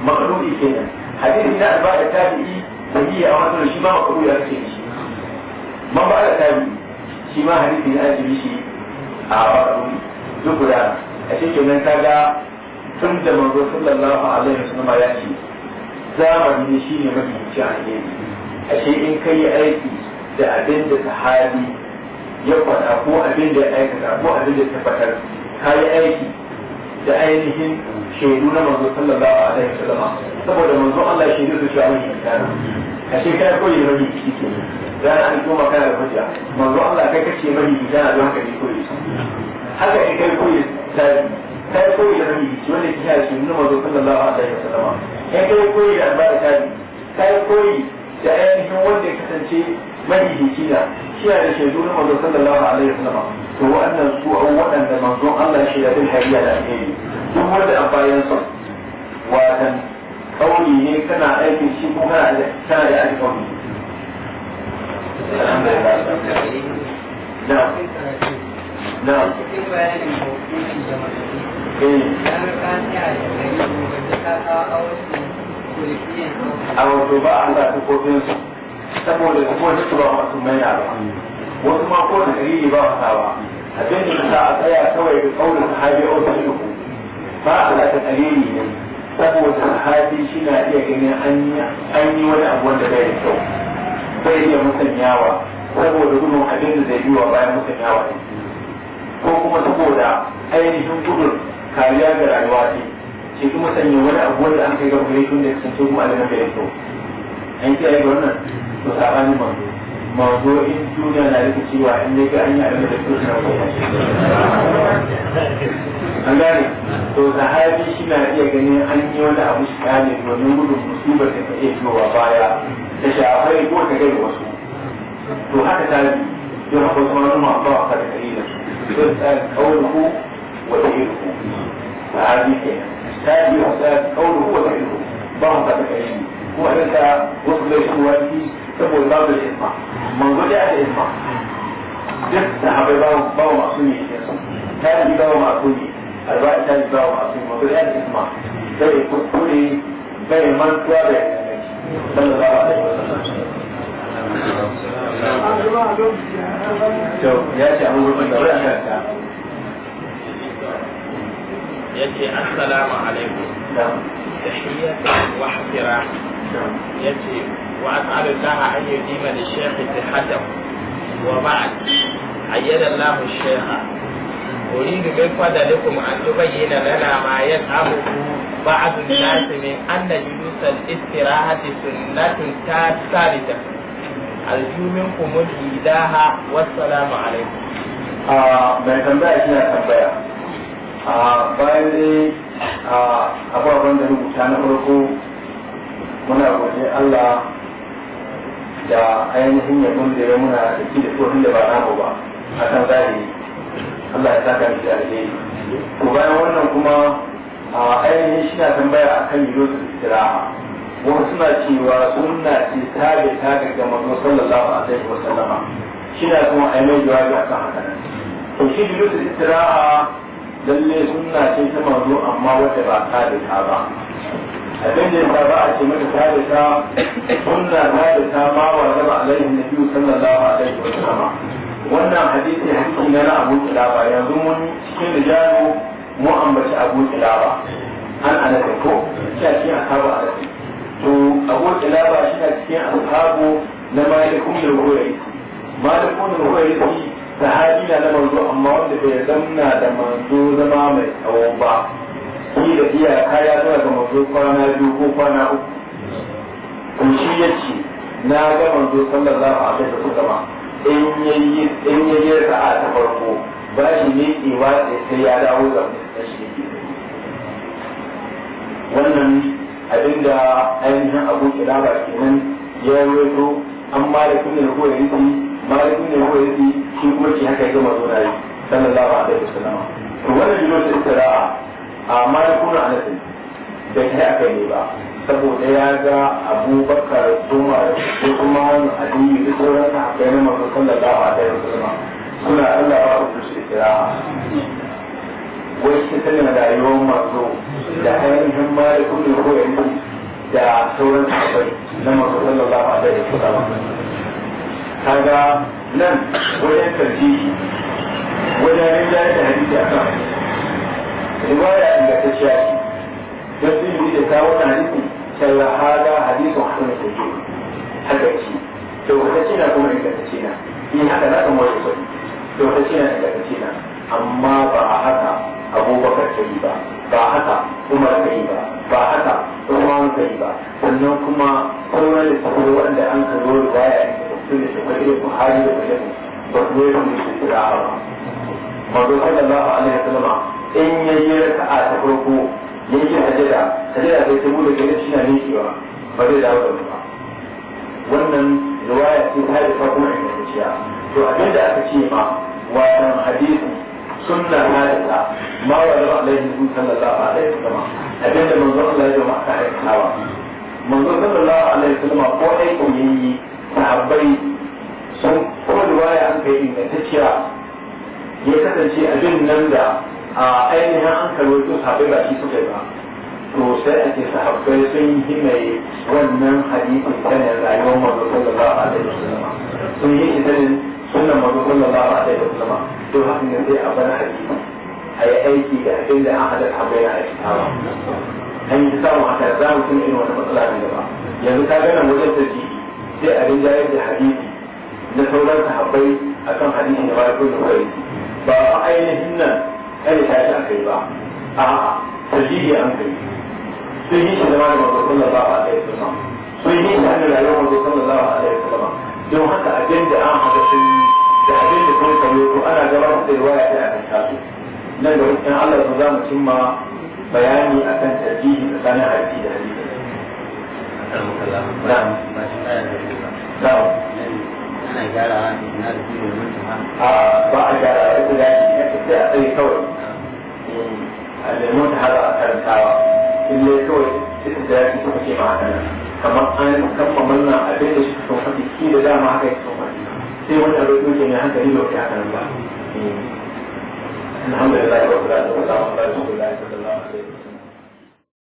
S1: maqru'i kenan hadisin na arba'a tabi'i sahihi a wannan shi ma maqru'i ake shi man ba da tabi'i shi ma hadisi na ajibi shi a wa'adu duk guda a cikin nan kaga tun da manzo sallallahu alaihi wasallam ya ce zamani shine mafi jahili ashe in kai aiki da abin da sahabi ya faɗa ko abin da ya aikata ko abin da tabbatar kai aiki da ainihin shaidu na manzo sallallahu alaihi wasallam saboda manzo Allah ya shaidu su shi a wannan kana ashe kai koyi rabi kike dan an koma kana da hujja manzo Allah kai kace mahi bidana don haka ne koyi haka in kai koyi tabi kai koyi da rabi ci wanda ke shi nuna mazo sallallahu alaihi wasallam in kai koyi da albar tabi kai koyi da ainihin wanda ya kasance mahihici na shi da shaidu na mazo sallallahu alaihi wasallam to wa'annan su an waɗanda manzon Allah shi da bin hariya da alheri duk wanda a bayan son watan kauli ne kana aikin shi ko kana da kana da aikin
S2: kauli. نعم a wato
S1: ba a da tukofinsu saboda tukofinsu su ba masu manya ba wasu ma ko da dalili ba wata ba abin da ta a tsaya kawai da kaurin sahabi a wasu uku ba a da dalili ne saboda sahabi shi na iya ganin an yi wani abu wanda bai da kyau bai iya musanyawa saboda gudun abin da zai biwa bayan musanyawa ne ko kuma saboda ainihin gudun kariya ga rayuwa ce ce kuma sanya wani abu wanda an kai ga gare shi wanda ya kasance kuma da nafi da kyau an kiyaye ga wannan to sabanin manzo manzo in duniya na rike cewa in dai ga an yi abin da kyau suna kuma an gane to sahabi shi na iya ganin an yi wani abu shi kane domin gudun musibar da ta iya zuwa baya ta shafai ko ta kai wasu to haka ta yi yau akwai kuma wani masu ba a kare da su يسأل قوله وفعله فهذه هذه يحسب قوله وفعله بعض العلم هو لك وصل شوالي تقول بعض الإسماع من رجع الإسماع جبت حبيبه باو معصومي هذه باو معصومي الرأي ثاني باو معصومي من رجع الإسماع زي كل بين من توابع
S2: صلى الله عليه وسلم
S1: يجي السلام عليكم تحية واحترام يجي وأسأل الله أن يديم للشيخ صحته وبعد أيد الله الشيخ أريد من فضلكم أن تبين لنا ما يزعمه بعض الناس من أن جلوس الاستراحة سنة ثالثة arju minkum al-idaha wassalamu alaikum a ah, bai tambaya shi na tambaya a ah, bayan dai a ah, ababen da rubuta na farko muna gode Allah da ainihin ya da ya muna da shi da tsohon da ba na ba a kan zahiri Allah ya saka da alheri ko bayan wannan kuma a ainihin shi na tambaya akan yiwu su istiraha wasu suna cewa sunna ce ta da ta daga manzo sallallahu alaihi wa sallama shi na kuma a yi mai jawabi akan haka to shi julusu istira'a lalle sunna ce ta manzo amma wadda ba ta da ta ba abin da ya ba a ce mata ta da ta sunna ta da ta ma wa raba alaihi biyu sallallahu alaihi wa sallama wannan hadisi hadisi na na Abu ba yanzu mun cikin da rijalu mu ambaci Abu ba an anaka ko shi a cikin asaba a to abu ilaba shi na cikin ashabu na malikun da ruwaye malikun da ruwaye shi sahabi na na manzo amma wanda bai zamna da manzo zama mai tsawon ba shi da iyaka ya zuwa ga manzo kwana biyu ko kwana uku to shi ya ce na ga manzo sallallahu alaihi wasallam in yayi in yayi sa'a ta farko ba shi ne iwa sai ya dawo da shi wannan abinda ainihin abu kiraba kenan ya wato an malikun ne ko yayi malikun ne ko yi shi kuma shi haka ya gama zuwa yi sallallahu alaihi wasallam to wannan jiro da istira'a a a anas da kai aka yi ba saboda ya ga abubakar zuma da kuma aliyu da sauran sahabbai na manzon sallallahu alaihi wasallam suna Allah ba su istira'a wai cikin sanin rayuwar masu da ainihin mara kuɗi ko yanzu da sauran sahabbai na masu sallallahu alaihi wa sallam kaga nan wajen tarjihi wajen rinjaye da hadisi a kan riwaya ingantacciya ce don sun yi da kawo na hadisi sai hada hadisun hasan da ke haka ce to wata ce na kuma ingantacciya ne haka na kan wajen to wata ce na ingantacciya amma ba a haka abubakar ta yi ba ba haka umar ta yi ba ba haka umar ta yi ba sannan kuma sauran da suke wanda an ka zo da riwaya su ne shekar irin buhari da muslim ba su ne sun shi kira ba mazo sallallahu alaihi wasallam in yayi a ta farko yake hajjada hajjada bai ta bude gare shi na nishewa ba zai dawo da ba wannan riwaya ce ta da kuma ingantacciya to abinda aka ce ma wannan hadisi sunna halika ma wa da alaihi kun sallallahu alaihi wasallam abin da Allah ya jama'a ka aikatawa sallallahu alaihi wasallam ko ai sahabbai sun ko riwaya an kai ya kasance abin nan da a ainihin an karwato sahabbai ba shi suka yi ba to sai a sahabbai sun yi mai wannan hadisin rayuwar manzo sallallahu alaihi wasallam sun yi sunan mazo sallallahu alaihi wa sallam to haka ne sai a bana hadisi a yi aiki da abin da an hada tambayar a kitawa an yi samun haka za mu tuna irin wani matsala ne ba yanzu ka gana wajen tarjihi sai a rinjayar da hadisi na sauran sahabbai akan hadisi na bayan kullum kai ba a ainihin nan kare ta shi akai ba a'a tarjihi an kai sun yi shi zama da kullum sallallahu alaihi wa sallam sun yi shi an da rayuwar mazo sallallahu alaihi wa sallam don haka abin da an haɗa sun da abin da kuma sauro ana gabatar da riwaya ta abin shafi nan da wajen Allah su za mu cimma bayani a kan tarjihi tsakanin harfi da hadisi. Ana gyara
S2: na da biyu da mutum ba a gyara ya guda shi ya fi a tsaye kawai. A lemun ta
S1: haɗa a karantawa. In ne kawai sai ta jira shi kuma ce ma haka nan. kamar an kafa manna abin da shi kan faɗi ki da dama haka ya kan sai wani abin da yake ne haka ni lokaci haka ba alhamdulillah wa
S2: salatu wa salamu ala rasulillah